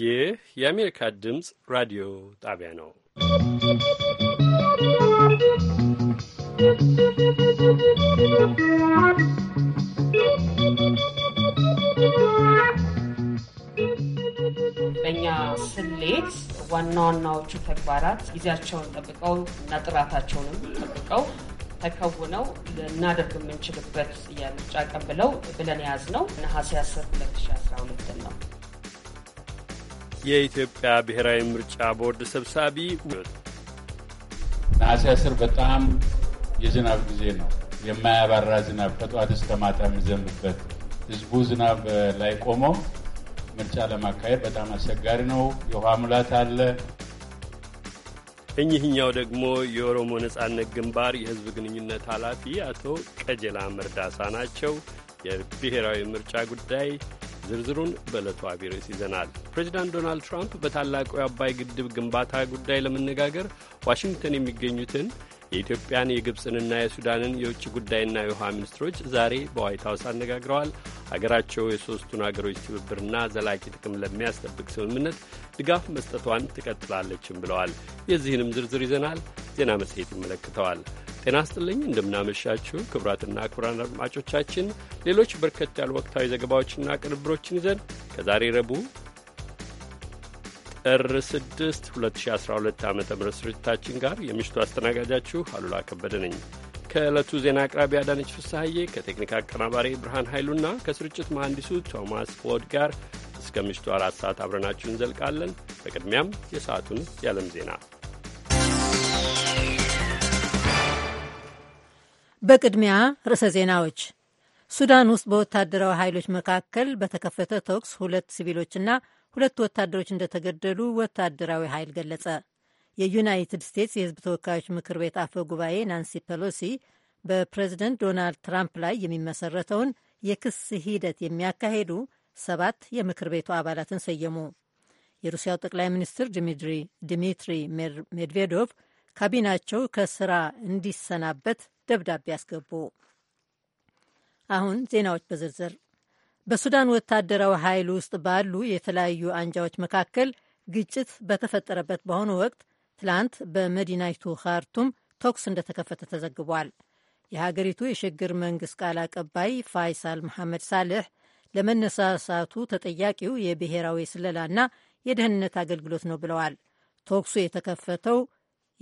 ይህ የአሜሪካ ድምፅ ራዲዮ ጣቢያ ነው። በእኛ ስሌት ዋና ዋናዎቹ ተግባራት ጊዜያቸውን ጠብቀው እና ጥራታቸውንም ጠብቀው ተከውነው ልናደርግ የምንችልበት የምርጫ ቀን ብለው ብለን የያዝነው ነሐሴ 10 2012 ነው። የኢትዮጵያ ብሔራዊ ምርጫ ቦርድ ሰብሳቢ ነሐሴ አስር በጣም የዝናብ ጊዜ ነው። የማያባራ ዝናብ ከጠዋት እስከ ማታ የሚዘንብበት ህዝቡ ዝናብ ላይ ቆሞ ምርጫ ለማካሄድ በጣም አስቸጋሪ ነው። የውሃ ሙላት አለ። እኚህኛው ደግሞ የኦሮሞ ነጻነት ግንባር የህዝብ ግንኙነት ኃላፊ አቶ ቀጀላ መርዳሳ ናቸው። የብሔራዊ ምርጫ ጉዳይ ዝርዝሩን በዕለቱ አቢርስ ይዘናል። ፕሬዚዳንት ዶናልድ ትራምፕ በታላቁ የአባይ ግድብ ግንባታ ጉዳይ ለመነጋገር ዋሽንግተን የሚገኙትን የኢትዮጵያን የግብፅንና የሱዳንን የውጭ ጉዳይና የውሃ ሚኒስትሮች ዛሬ በዋይት ሀውስ አነጋግረዋል። ሀገራቸው የሦስቱን አገሮች ትብብርና ዘላቂ ጥቅም ለሚያስጠብቅ ስምምነት ድጋፍ መስጠቷን ትቀጥላለችም ብለዋል። የዚህንም ዝርዝር ይዘናል። ዜና መጽሔት ይመለክተዋል። ጤና ስጥልኝ እንደምናመሻችሁ ክቡራትና ክቡራን አድማጮቻችን ሌሎች በርከት ያሉ ወቅታዊ ዘገባዎችና ቅንብሮችን ይዘን ከዛሬ ረቡዕ ጥር 6 2012 ዓ ም ስርጭታችን ጋር የምሽቱ አስተናጋጃችሁ አሉላ ከበደ ነኝ ከዕለቱ ዜና አቅራቢ አዳነች ፍሳሐዬ ከቴክኒክ አቀናባሪ ብርሃን ኃይሉና ከስርጭት መሐንዲሱ ቶማስ ፎድ ጋር እስከ ምሽቱ አራት ሰዓት አብረናችሁ እንዘልቃለን በቅድሚያም የሰዓቱን የዓለም ዜና በቅድሚያ ርዕሰ ዜናዎች። ሱዳን ውስጥ በወታደራዊ ኃይሎች መካከል በተከፈተ ተኩስ ሁለት ሲቪሎችና ሁለት ወታደሮች እንደተገደሉ ወታደራዊ ኃይል ገለጸ። የዩናይትድ ስቴትስ የሕዝብ ተወካዮች ምክር ቤት አፈ ጉባኤ ናንሲ ፔሎሲ በፕሬዝደንት ዶናልድ ትራምፕ ላይ የሚመሰረተውን የክስ ሂደት የሚያካሂዱ ሰባት የምክር ቤቱ አባላትን ሰየሙ። የሩሲያው ጠቅላይ ሚኒስትር ዲሚትሪ ሜድቬዶቭ ካቢናቸው ከስራ እንዲሰናበት ደብዳቤ አስገቡ። አሁን ዜናዎች በዝርዝር በሱዳን ወታደራዊ ኃይል ውስጥ ባሉ የተለያዩ አንጃዎች መካከል ግጭት በተፈጠረበት በአሁኑ ወቅት ትላንት በመዲናይቱ ካርቱም ተኩስ እንደተከፈተ ተዘግቧል። የሀገሪቱ የሽግግር መንግሥት ቃል አቀባይ ፋይሳል መሐመድ ሳልሕ ለመነሳሳቱ ተጠያቂው የብሔራዊ ስለላና የደህንነት አገልግሎት ነው ብለዋል። ተኩሱ የተከፈተው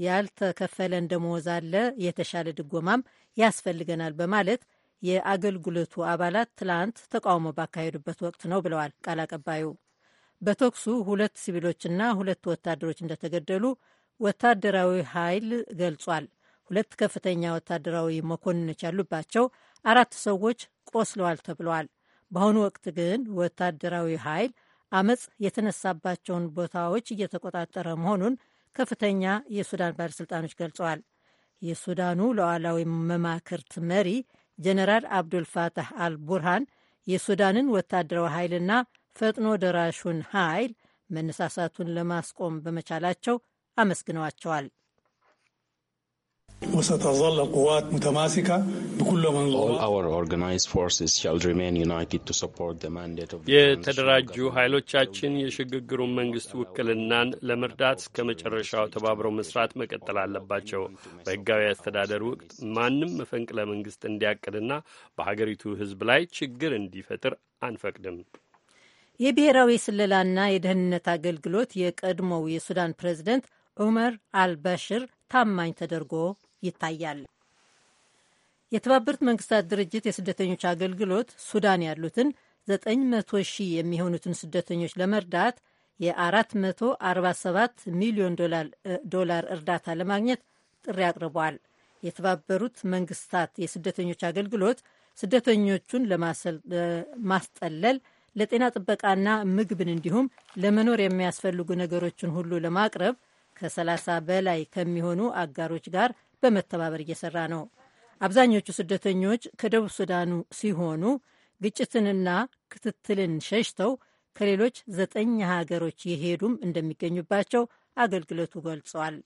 ያልተከፈለን ደመወዝ አለ፣ የተሻለ ድጎማም ያስፈልገናል በማለት የአገልግሎቱ አባላት ትላንት ተቃውሞ ባካሄዱበት ወቅት ነው ብለዋል ቃል አቀባዩ። በተኩሱ ሁለት ሲቪሎችና ሁለት ወታደሮች እንደተገደሉ ወታደራዊ ኃይል ገልጿል። ሁለት ከፍተኛ ወታደራዊ መኮንኖች ያሉባቸው አራት ሰዎች ቆስለዋል ተብለዋል። በአሁኑ ወቅት ግን ወታደራዊ ኃይል አመፅ የተነሳባቸውን ቦታዎች እየተቆጣጠረ መሆኑን ከፍተኛ የሱዳን ባለሥልጣኖች ገልጸዋል። የሱዳኑ ሉዓላዊ መማክርት መሪ ጀነራል አብዱልፋታህ አልቡርሃን የሱዳንን ወታደራዊ ኃይልና ፈጥኖ ደራሹን ኃይል መነሳሳቱን ለማስቆም በመቻላቸው አመስግነዋቸዋል። የተደራጁ ኃይሎቻችን የሽግግሩን መንግስት ውክልናን ለመርዳት እስከ መጨረሻው ተባብረው መስራት መቀጠል አለባቸው። በህጋዊ አስተዳደር ወቅት ማንም መፈንቅለ መንግስት እንዲያቅድና በሀገሪቱ ህዝብ ላይ ችግር እንዲፈጥር አንፈቅድም። የብሔራዊ ስለላና የደህንነት አገልግሎት የቀድሞው የሱዳን ፕሬዝደንት ዑመር አልባሽር ታማኝ ተደርጎ ይታያል። የተባበሩት መንግስታት ድርጅት የስደተኞች አገልግሎት ሱዳን ያሉትን 900 ሺህ የሚሆኑትን ስደተኞች ለመርዳት የ447 ሚሊዮን ዶላር እርዳታ ለማግኘት ጥሪ አቅርቧል። የተባበሩት መንግስታት የስደተኞች አገልግሎት ስደተኞቹን ለማስጠለል ለጤና ጥበቃና ምግብን እንዲሁም ለመኖር የሚያስፈልጉ ነገሮችን ሁሉ ለማቅረብ ከ30 በላይ ከሚሆኑ አጋሮች ጋር በመተባበር እየሰራ ነው። አብዛኞቹ ስደተኞች ከደቡብ ሱዳኑ ሲሆኑ ግጭትንና ክትትልን ሸሽተው ከሌሎች ዘጠኝ ሀገሮች የሄዱም እንደሚገኙባቸው አገልግሎቱ ገልጿል።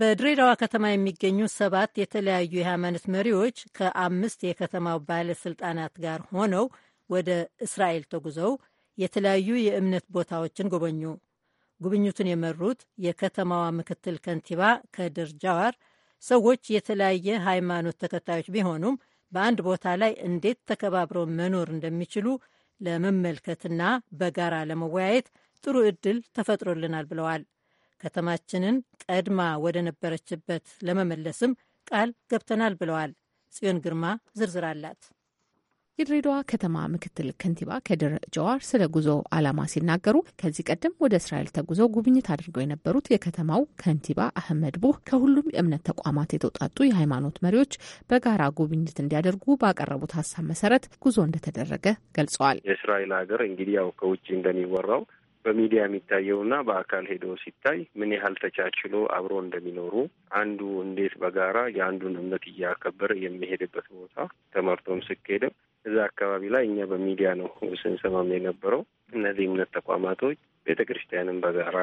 በድሬዳዋ ከተማ የሚገኙ ሰባት የተለያዩ የሃይማኖት መሪዎች ከአምስት የከተማው ባለስልጣናት ጋር ሆነው ወደ እስራኤል ተጉዘው የተለያዩ የእምነት ቦታዎችን ጎበኙ። ጉብኝቱን የመሩት የከተማዋ ምክትል ከንቲባ ከድር ጃዋር ሰዎች የተለያየ ሃይማኖት ተከታዮች ቢሆኑም በአንድ ቦታ ላይ እንዴት ተከባብረው መኖር እንደሚችሉ ለመመልከትና በጋራ ለመወያየት ጥሩ እድል ተፈጥሮልናል ብለዋል። ከተማችንን ቀድማ ወደ ነበረችበት ለመመለስም ቃል ገብተናል ብለዋል። ጽዮን ግርማ ዝርዝር አላት። የድሬዳዋ ከተማ ምክትል ከንቲባ ከድር ጀዋር ስለ ጉዞ ዓላማ ሲናገሩ ከዚህ ቀደም ወደ እስራኤል ተጉዘው ጉብኝት አድርገው የነበሩት የከተማው ከንቲባ አህመድ ቡህ ከሁሉም የእምነት ተቋማት የተውጣጡ የሃይማኖት መሪዎች በጋራ ጉብኝት እንዲያደርጉ ባቀረቡት ሀሳብ መሰረት ጉዞ እንደተደረገ ገልጸዋል። የእስራኤል ሀገር እንግዲህ ያው ከውጭ እንደሚወራው በሚዲያ የሚታየውና በአካል ሄዶ ሲታይ ምን ያህል ተቻችሎ አብሮ እንደሚኖሩ አንዱ እንዴት በጋራ የአንዱን እምነት እያከበረ የሚሄድበት ቦታ ተመርቶም ስኬድም እዛ አካባቢ ላይ እኛ በሚዲያ ነው ስንሰማም የነበረው። እነዚህ እምነት ተቋማቶች ቤተ ክርስቲያንም በጋራ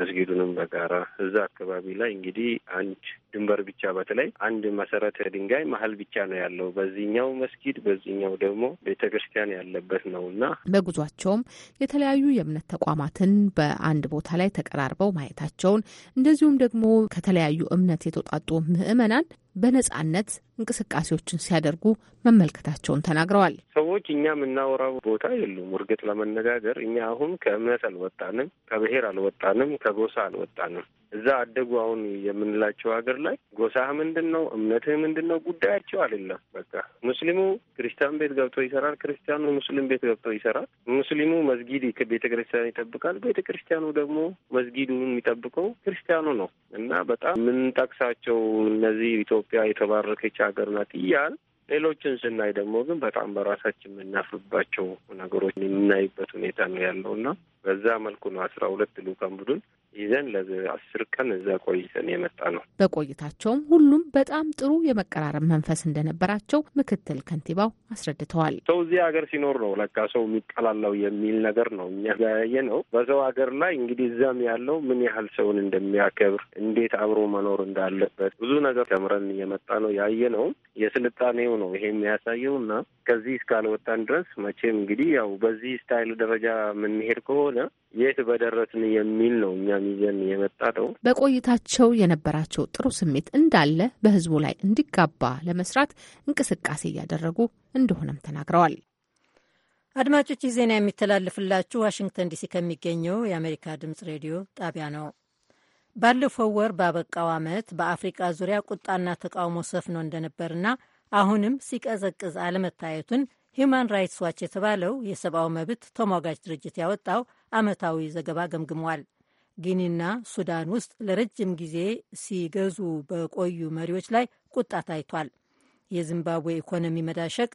መስጊዱንም በጋራ እዛ አካባቢ ላይ እንግዲህ አንድ ድንበር ብቻ በተለይ አንድ መሰረተ ድንጋይ መሀል ብቻ ነው ያለው። በዚህኛው መስጊድ በዚህኛው ደግሞ ቤተ ክርስቲያን ያለበት ነው እና በጉዟቸውም የተለያዩ የእምነት ተቋማትን በአንድ ቦታ ላይ ተቀራርበው ማየታቸውን እንደዚሁም ደግሞ ከተለያዩ እምነት የተውጣጡ ምዕመናን በነጻነት እንቅስቃሴዎችን ሲያደርጉ መመልከታቸውን ተናግረዋል። ሰዎች እኛ የምናወራው ቦታ የሉም። እርግጥ ለመነጋገር እኛ አሁን ከእምነት አልወጣንም፣ ከብሔር አልወጣንም፣ ከጎሳ አልወጣንም። እዛ አደጉ አሁን የምንላቸው ሀገር ላይ ጎሳህ ምንድን ነው፣ እምነትህ ምንድን ነው ጉዳያቸው አይደለም። በቃ ሙስሊሙ ክርስቲያን ቤት ገብቶ ይሰራል፣ ክርስቲያኑ ሙስሊም ቤት ገብቶ ይሰራል። ሙስሊሙ መስጊድ ቤተ ክርስቲያን ይጠብቃል፣ ቤተ ክርስቲያኑ ደግሞ መስጊዱ የሚጠብቀው ክርስቲያኑ ነው እና በጣም የምንጠቅሳቸው እነዚህ ኢትዮጵያ የተባረከች ሀገር ናት እያል ሌሎችን ስናይ ደግሞ ግን በጣም በራሳችን የምናፍርባቸው ነገሮች የምናይበት ሁኔታ ነው ያለው እና በዛ መልኩ ነው አስራ ሁለት ልኡካን ቡድን ይዘን ለአስር ቀን እዛ ቆይተን የመጣ ነው። በቆይታቸውም ሁሉም በጣም ጥሩ የመቀራረብ መንፈስ እንደነበራቸው ምክትል ከንቲባው አስረድተዋል። ሰው እዚህ ሀገር ሲኖር ነው ለካ ሰው የሚጠላላው የሚል ነገር ነው እኛ ያየ ነው። በሰው ሀገር ላይ እንግዲህ እዛም ያለው ምን ያህል ሰውን እንደሚያከብር እንዴት አብሮ መኖር እንዳለበት ብዙ ነገር ተምረን እየመጣ ነው ያየ ነው። የስልጣኔው ነው ይሄ የሚያሳየው እና ከዚህ እስካልወጣን ድረስ መቼም እንግዲህ ያው በዚህ ስታይል ደረጃ የምንሄድ ከሆነ የት በደረስን የሚል ነው እኛም ይዘን የመጣ ነው። በቆይታቸው የነበራቸው ጥሩ ስሜት እንዳለ በህዝቡ ላይ እንዲጋባ ለመስራት እንቅስቃሴ እያደረጉ እንደሆነም ተናግረዋል። አድማጮች ይህ ዜና የሚተላለፍላችሁ ዋሽንግተን ዲሲ ከሚገኘው የአሜሪካ ድምጽ ሬዲዮ ጣቢያ ነው። ባለፈው ወር ባበቃው ዓመት በአፍሪቃ ዙሪያ ቁጣና ተቃውሞ ሰፍኖ እንደነበርና አሁንም ሲቀዘቅዝ አለመታየቱን ሂዩማን ራይትስ ዋች የተባለው የሰብአዊ መብት ተሟጋጅ ድርጅት ያወጣው ዓመታዊ ዘገባ ገምግሟል። ጊኒና ሱዳን ውስጥ ለረጅም ጊዜ ሲገዙ በቆዩ መሪዎች ላይ ቁጣ ታይቷል። የዚምባብዌ ኢኮኖሚ መዳሸቅ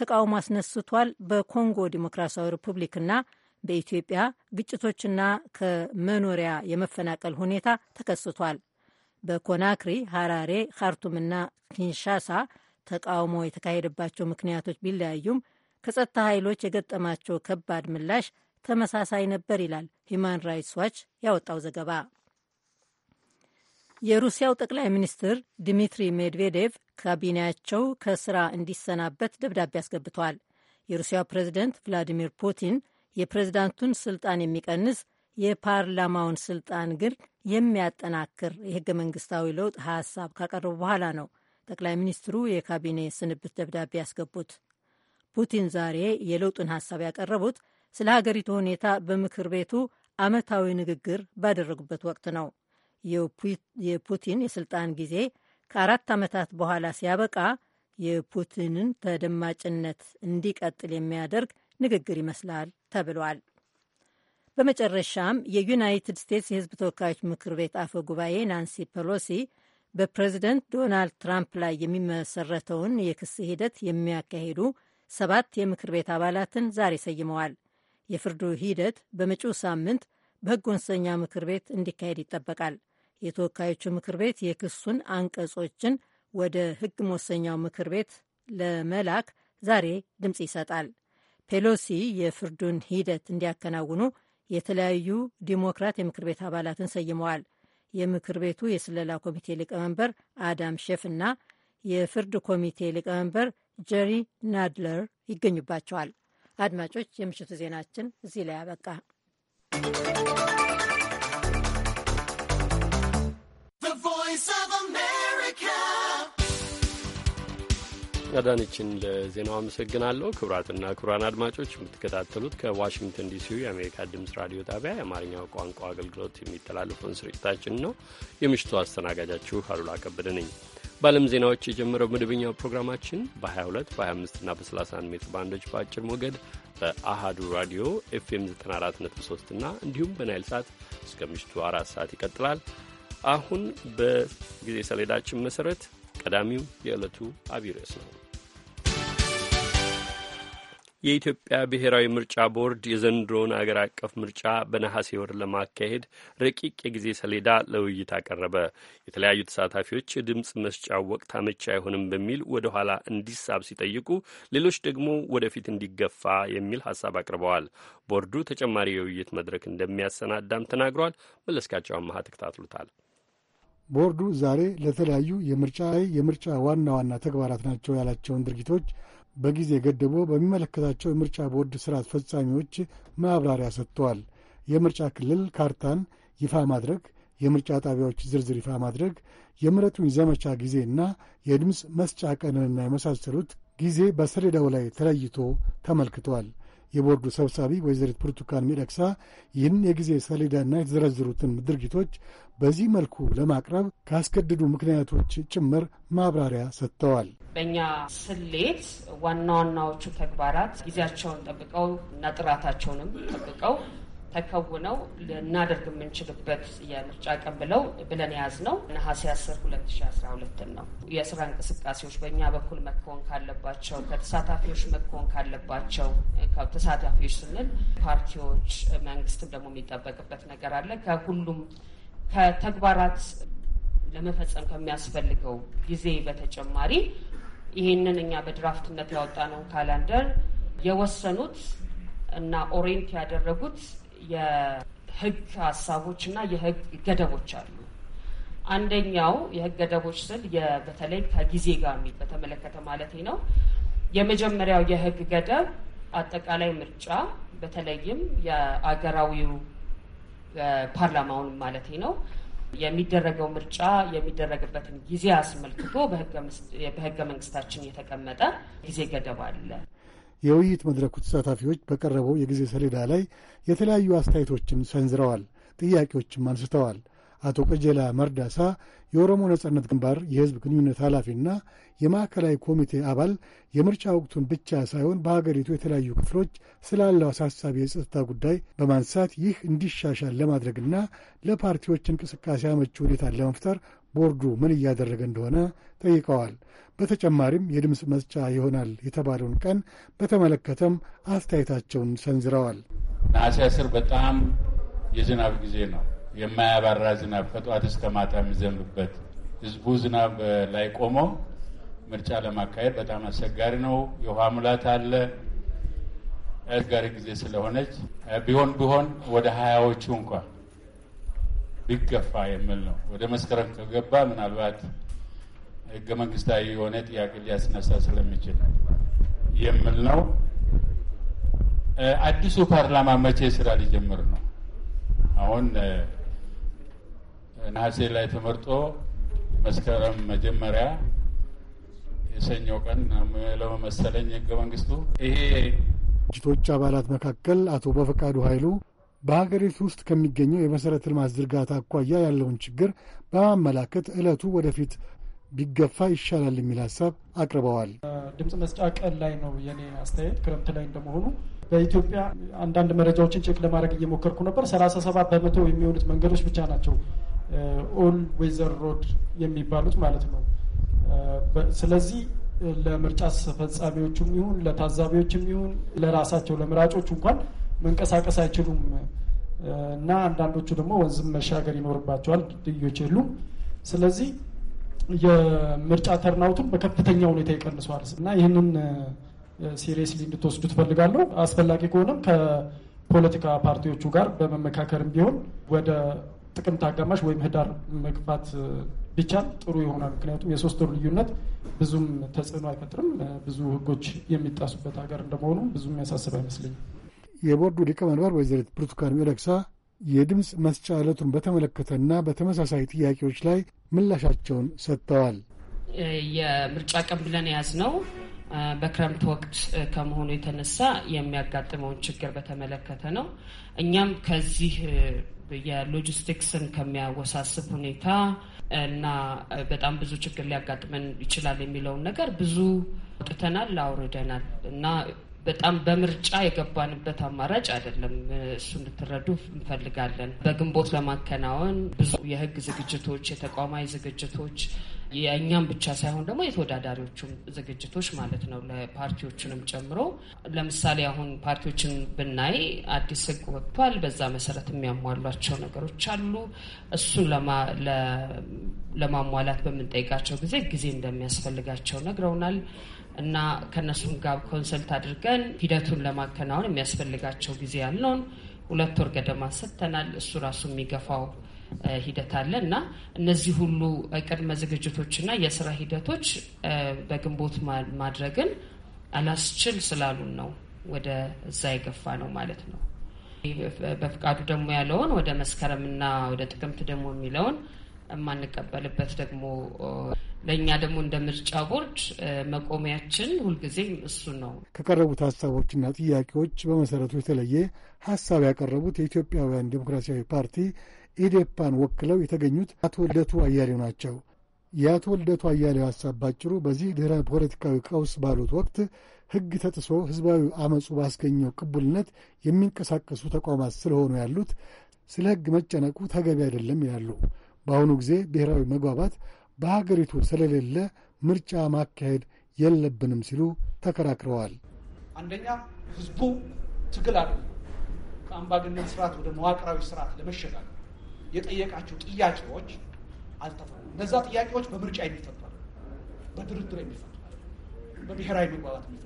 ተቃውሞ አስነስቷል። በኮንጎ ዲሞክራሲያዊ ሪፑብሊክና በኢትዮጵያ ግጭቶችና ከመኖሪያ የመፈናቀል ሁኔታ ተከስቷል። በኮናክሪ፣ ሐራሬ፣ ካርቱምና ኪንሻሳ ተቃውሞ የተካሄደባቸው ምክንያቶች ቢለያዩም ከጸጥታ ኃይሎች የገጠማቸው ከባድ ምላሽ ተመሳሳይ ነበር ይላል ሂማን ራይትስ ዋች ያወጣው ዘገባ። የሩሲያው ጠቅላይ ሚኒስትር ድሚትሪ ሜድቬዴቭ ካቢኔያቸው ከስራ እንዲሰናበት ደብዳቤ አስገብቷል። የሩሲያው ፕሬዚደንት ቭላዲሚር ፑቲን የፕሬዚዳንቱን ስልጣን የሚቀንስ የፓርላማውን ስልጣን ግን የሚያጠናክር የህገ መንግስታዊ ለውጥ ሀሳብ ካቀረቡ በኋላ ነው ጠቅላይ ሚኒስትሩ የካቢኔ ስንብት ደብዳቤ ያስገቡት። ፑቲን ዛሬ የለውጡን ሀሳብ ያቀረቡት ስለ ሀገሪቱ ሁኔታ በምክር ቤቱ ዓመታዊ ንግግር ባደረጉበት ወቅት ነው። የፑቲን የስልጣን ጊዜ ከአራት ዓመታት በኋላ ሲያበቃ የፑቲንን ተደማጭነት እንዲቀጥል የሚያደርግ ንግግር ይመስላል ተብሏል። በመጨረሻም የዩናይትድ ስቴትስ የሕዝብ ተወካዮች ምክር ቤት አፈ ጉባኤ ናንሲ ፔሎሲ በፕሬዝደንት ዶናልድ ትራምፕ ላይ የሚመሰረተውን የክስ ሂደት የሚያካሂዱ ሰባት የምክር ቤት አባላትን ዛሬ ሰይመዋል። የፍርዱ ሂደት በመጪው ሳምንት በሕግ መወሰኛ ምክር ቤት እንዲካሄድ ይጠበቃል። የተወካዮቹ ምክር ቤት የክሱን አንቀጾችን ወደ ሕግ መወሰኛው ምክር ቤት ለመላክ ዛሬ ድምፅ ይሰጣል። ፔሎሲ የፍርዱን ሂደት እንዲያከናውኑ የተለያዩ ዲሞክራት የምክር ቤት አባላትን ሰይመዋል። የምክር ቤቱ የስለላ ኮሚቴ ሊቀመንበር አዳም ሼፍ እና የፍርድ ኮሚቴ ሊቀመንበር ጀሪ ናድለር ይገኙባቸዋል። አድማጮች፣ የምሽቱ ዜናችን እዚህ ላይ አበቃ። አዳነችን ለዜናው አመሰግናለሁ። ክቡራትና ክቡራን አድማጮች የምትከታተሉት ከዋሽንግተን ዲሲ የአሜሪካ ድምፅ ራዲዮ ጣቢያ የአማርኛው ቋንቋ አገልግሎት የሚተላለፈውን ስርጭታችን ነው። የምሽቱ አስተናጋጃችሁ አሉላ ከበደ ነኝ። በዓለም ዜናዎች የጀመረው መደበኛው ፕሮግራማችን በ22 በ25 ና በ31 ሜትር ባንዶች በአጭር ሞገድ በአሃዱ ራዲዮ ኤፍኤም 943 እና እንዲሁም በናይል ሳት እስከ ምሽቱ አራት ሰዓት ይቀጥላል። አሁን በጊዜ ሰሌዳችን መሠረት ቀዳሚው የዕለቱ አብይ ርዕስ ነው። የኢትዮጵያ ብሔራዊ ምርጫ ቦርድ የዘንድሮውን አገር አቀፍ ምርጫ በነሐሴ ወር ለማካሄድ ረቂቅ የጊዜ ሰሌዳ ለውይይት አቀረበ። የተለያዩ ተሳታፊዎች የድምፅ መስጫው ወቅት አመቺ አይሆንም በሚል ወደ ኋላ እንዲሳብ ሲጠይቁ፣ ሌሎች ደግሞ ወደፊት እንዲገፋ የሚል ሀሳብ አቅርበዋል። ቦርዱ ተጨማሪ የውይይት መድረክ እንደሚያሰናዳም ተናግሯል። መለስካቸው አመሀ ተከታትሎታል። ቦርዱ ዛሬ ለተለያዩ የምርጫ ላይ የምርጫ ዋና ዋና ተግባራት ናቸው ያላቸውን ድርጊቶች በጊዜ ገድቦ በሚመለከታቸው የምርጫ ቦርድ ሥራ አስፈጻሚዎች ማብራሪያ ሰጥተዋል። የምርጫ ክልል ካርታን ይፋ ማድረግ፣ የምርጫ ጣቢያዎች ዝርዝር ይፋ ማድረግ፣ የምረጡኝ ዘመቻ ጊዜና የድምፅ መስጫ ቀንንና የመሳሰሉት ጊዜ በሰሌዳው ላይ ተለይቶ ተመልክቷል። የቦርዱ ሰብሳቢ ወይዘሪት ብርቱካን ሚደቅሳ ይህን የጊዜ ሰሌዳና የተዘረዘሩትን ድርጊቶች በዚህ መልኩ ለማቅረብ ካስገደዱ ምክንያቶች ጭምር ማብራሪያ ሰጥተዋል። በእኛ ስሌት ዋና ዋናዎቹ ተግባራት ጊዜያቸውን ጠብቀው እና ጥራታቸውንም ጠብቀው ተከውነው ልናደርግ የምንችልበት የምርጫ ቀን ብለው ብለን የያዝ ነው ነሐሴ 10 2012 ነው። የስራ እንቅስቃሴዎች በእኛ በኩል መከወን ካለባቸው ከተሳታፊዎች መከወን ካለባቸው ተሳታፊዎች ስንል ፓርቲዎች፣ መንግስትም ደግሞ የሚጠበቅበት ነገር አለ ከሁሉም ከተግባራት ለመፈጸም ከሚያስፈልገው ጊዜ በተጨማሪ ይህንን እኛ በድራፍትነት ያወጣነውን ካላንደር የወሰኑት እና ኦሬንት ያደረጉት የህግ ሀሳቦች እና የህግ ገደቦች አሉ። አንደኛው የህግ ገደቦች ስል በተለይ ከጊዜ ጋር የሚል በተመለከተ ማለት ነው። የመጀመሪያው የህግ ገደብ አጠቃላይ ምርጫ በተለይም የአገራዊው ፓርላማውን ማለት ነው የሚደረገው ምርጫ የሚደረግበትን ጊዜ አስመልክቶ በህገ መንግስታችን የተቀመጠ ጊዜ ገደብ አለ። የውይይት መድረኩ ተሳታፊዎች በቀረበው የጊዜ ሰሌዳ ላይ የተለያዩ አስተያየቶችን ሰንዝረዋል፣ ጥያቄዎችም አንስተዋል። አቶ ቀጀላ መርዳሳ የኦሮሞ ነጻነት ግንባር የህዝብ ግንኙነት ኃላፊና የማዕከላዊ ኮሚቴ አባል የምርጫ ወቅቱን ብቻ ሳይሆን በሀገሪቱ የተለያዩ ክፍሎች ስላለው አሳሳቢ የጸጥታ ጉዳይ በማንሳት ይህ እንዲሻሻል ለማድረግና ለፓርቲዎች እንቅስቃሴ አመቺ ሁኔታን ለመፍጠር ቦርዱ ምን እያደረገ እንደሆነ ጠይቀዋል። በተጨማሪም የድምፅ መስጫ ይሆናል የተባለውን ቀን በተመለከተም አስተያየታቸውን ሰንዝረዋል። ነሐሴ አስር በጣም የዝናብ ጊዜ ነው። የማያባራ ዝናብ ከጠዋት እስከ ማታ የሚዘንብበት ህዝቡ ዝናብ ላይ ቆሞ ምርጫ ለማካሄድ በጣም አስቸጋሪ ነው። የውሃ ሙላት አለ። አስቸጋሪ ጊዜ ስለሆነች ቢሆን ቢሆን ወደ ሀያዎቹ እንኳ ቢገፋ የሚል ነው። ወደ መስከረም ከገባ ምናልባት ህገ መንግስታዊ የሆነ ጥያቄ ሊያስነሳ ስለሚችል የሚል ነው። አዲሱ ፓርላማ መቼ ስራ ሊጀምር ነው? አሁን ነሐሴ ላይ ተመርጦ መስከረም መጀመሪያ የሰኞ ቀን ለመመሰለኝ ህገ መንግስቱ ይሄ ድርጅቶች አባላት መካከል አቶ በፈቃዱ ኃይሉ በሀገሪቱ ውስጥ ከሚገኘው የመሠረተ ልማት ዝርጋታ አኳያ ያለውን ችግር በማመላከት ዕለቱ ወደፊት ቢገፋ ይሻላል የሚል ሀሳብ አቅርበዋል። ድምፅ መስጫ ቀን ላይ ነው የኔ አስተያየት። ክረምት ላይ እንደመሆኑ በኢትዮጵያ አንዳንድ መረጃዎችን ቼክ ለማድረግ እየሞከርኩ ነበር። ሰላሳ ሰባት በመቶ የሚሆኑት መንገዶች ብቻ ናቸው ኦል ዌዘር ሮድ የሚባሉት ማለት ነው። ስለዚህ ለምርጫ ፈጻሚዎቹም ይሁን ለታዛቢዎችም ይሁን ለራሳቸው ለምራጮች እንኳን መንቀሳቀስ አይችሉም እና አንዳንዶቹ ደግሞ ወንዝም መሻገር ይኖርባቸዋል፣ ድልድዮች የሉም። ስለዚህ የምርጫ ተርናውቱን በከፍተኛ ሁኔታ ይቀንሷል እና ይህንን ሲሪየስሊ እንድትወስዱ ትፈልጋለሁ። አስፈላጊ ከሆነም ከፖለቲካ ፓርቲዎቹ ጋር በመመካከርም ቢሆን ወደ ጥቅምት አጋማሽ ወይም ህዳር መግፋት ቢቻል ጥሩ ይሆናል። ምክንያቱም የሶስት ወር ልዩነት ብዙም ተጽዕኖ አይፈጥርም። ብዙ ህጎች የሚጣሱበት ሀገር እንደመሆኑ ብዙ የሚያሳስብ አይመስለኝም። የቦርዱ ሊቀመንበር ወይዘሪት ብርቱካን ሚደቅሳ የድምፅ መስጫ ዕለቱን በተመለከተና በተመሳሳይ ጥያቄዎች ላይ ምላሻቸውን ሰጥተዋል። የምርጫ ቀን ብለን የያዝነው በክረምት ወቅት ከመሆኑ የተነሳ የሚያጋጥመውን ችግር በተመለከተ ነው። እኛም ከዚህ የሎጂስቲክስን ከሚያወሳስብ ሁኔታ እና በጣም ብዙ ችግር ሊያጋጥመን ይችላል የሚለውን ነገር ብዙ አውጥተናል፣ አውርደናል እና በጣም በምርጫ የገባንበት አማራጭ አይደለም። እሱ እንድትረዱ እንፈልጋለን። በግንቦት ለማከናወን ብዙ የህግ ዝግጅቶች፣ የተቋማዊ ዝግጅቶች የእኛም ብቻ ሳይሆን ደግሞ የተወዳዳሪዎቹም ዝግጅቶች ማለት ነው፣ ለፓርቲዎቹንም ጨምሮ። ለምሳሌ አሁን ፓርቲዎችን ብናይ አዲስ ህግ ወጥቷል። በዛ መሰረት የሚያሟሏቸው ነገሮች አሉ። እሱን ለማሟላት በምንጠይቃቸው ጊዜ ጊዜ እንደሚያስፈልጋቸው ነግረውናል። እና ከእነሱም ጋር ኮንሰልት አድርገን ሂደቱን ለማከናወን የሚያስፈልጋቸው ጊዜ ያለውን ሁለት ወር ገደማ ሰጥተናል። እሱ ራሱ የሚገፋው ሂደት አለ እና እነዚህ ሁሉ ቅድመ ዝግጅቶችና የስራ ሂደቶች በግንቦት ማድረግን አላስችል ስላሉን ነው ወደ እዛ የገፋ ነው ማለት ነው። በፍቃዱ ደግሞ ያለውን ወደ መስከረምና ወደ ጥቅምት ደግሞ የሚለውን የማንቀበልበት ደግሞ ለእኛ ደግሞ እንደ ምርጫ ቦርድ መቆሚያችን ሁልጊዜም እሱ ነው። ከቀረቡት ሀሳቦችና ጥያቄዎች በመሰረቱ የተለየ ሀሳብ ያቀረቡት የኢትዮጵያውያን ዴሞክራሲያዊ ፓርቲ ኢዴፓን ወክለው የተገኙት አቶ ልደቱ አያሌው ናቸው። የአቶ ልደቱ አያሌው ሀሳብ ባጭሩ በዚህ ድኅረ ፖለቲካዊ ቀውስ ባሉት ወቅት ሕግ ተጥሶ ሕዝባዊ አመፁ ባስገኘው ቅቡልነት የሚንቀሳቀሱ ተቋማት ስለሆኑ ያሉት ስለ ሕግ መጨነቁ ተገቢ አይደለም ይላሉ። በአሁኑ ጊዜ ብሔራዊ መግባባት በሀገሪቱ ስለሌለ ምርጫ ማካሄድ የለብንም ሲሉ ተከራክረዋል። አንደኛ ህዝቡ ትግል አለ ከአምባገነን ስርዓት ወደ መዋቅራዊ ስርዓት ለመሸጋገር የጠየቃቸው ጥያቄዎች አልተፈሩ። እነዛ ጥያቄዎች በምርጫ የሚፈቱ በድርድር የሚፈቱ በብሔራዊ መግባባት የሚፈ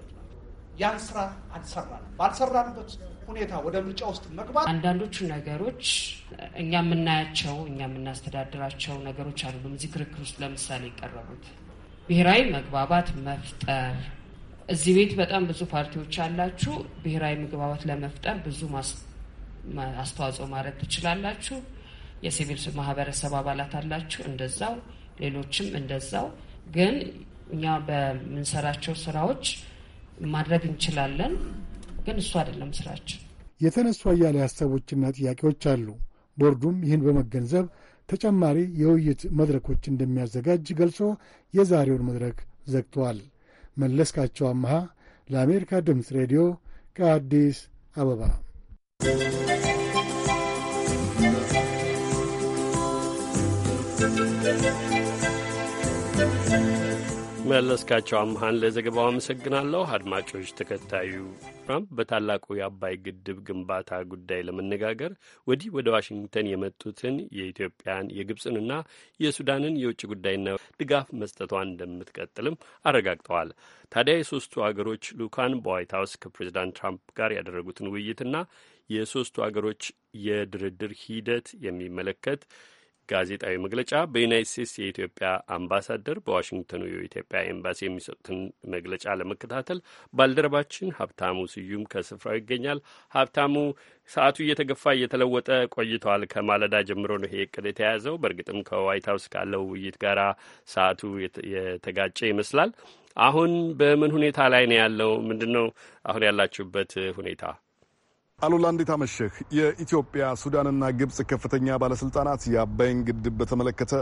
ያን ስራ አልሰራን። ባልሰራንበት ሁኔታ ወደ ምርጫ ውስጥ መግባት አንዳንዶቹ ነገሮች እኛ የምናያቸው እኛ የምናስተዳድራቸው ነገሮች አይደሉም። እዚህ ክርክር ውስጥ ለምሳሌ የቀረቡት ብሔራዊ መግባባት መፍጠር እዚህ ቤት በጣም ብዙ ፓርቲዎች አላችሁ። ብሔራዊ መግባባት ለመፍጠር ብዙ አስተዋጽኦ ማድረግ ትችላላችሁ። የሲቪል ማህበረሰብ አባላት አላችሁ፣ እንደዛው ሌሎችም እንደዛው። ግን እኛ በምንሰራቸው ስራዎች ማድረግ እንችላለን። ግን እሱ አይደለም ስራችን። የተነሱ አያሌ ሀሳቦችና ጥያቄዎች አሉ። ቦርዱም ይህን በመገንዘብ ተጨማሪ የውይይት መድረኮች እንደሚያዘጋጅ ገልጾ የዛሬውን መድረክ ዘግቷል። መለስካቸው አመሃ ለአሜሪካ ድምፅ ሬዲዮ ከአዲስ አበባ። thank you መለስካቸው አምሃን ለዘገባው አመሰግናለሁ። አድማጮች፣ ተከታዩ ፕሮግራም በታላቁ የአባይ ግድብ ግንባታ ጉዳይ ለመነጋገር ወዲህ ወደ ዋሽንግተን የመጡትን የኢትዮጵያን የግብፅንና የሱዳንን የውጭ ጉዳይና ድጋፍ መስጠቷን እንደምትቀጥልም አረጋግጠዋል። ታዲያ የሶስቱ አገሮች ልኡካን በዋይት ሀውስ ከፕሬዚዳንት ትራምፕ ጋር ያደረጉትን ውይይትና የሶስቱ አገሮች የድርድር ሂደት የሚመለከት ጋዜጣዊ መግለጫ በዩናይት ስቴትስ የኢትዮጵያ አምባሳደር በዋሽንግተኑ የኢትዮጵያ ኤምባሲ የሚሰጡትን መግለጫ ለመከታተል ባልደረባችን ሀብታሙ ስዩም ከስፍራው ይገኛል። ሀብታሙ፣ ሰዓቱ እየተገፋ እየተለወጠ ቆይቷል። ከማለዳ ጀምሮ ነው ይሄ እቅድ የተያዘው። በእርግጥም ከዋይት ሀውስ ካለው ውይይት ጋር ሰዓቱ የተጋጨ ይመስላል። አሁን በምን ሁኔታ ላይ ነው ያለው? ምንድን ነው አሁን ያላችሁበት ሁኔታ? አሉላ እንዴት አመሸህ? የኢትዮጵያ ሱዳንና ግብፅ ከፍተኛ ባለስልጣናት የአባይን ግድብ በተመለከተ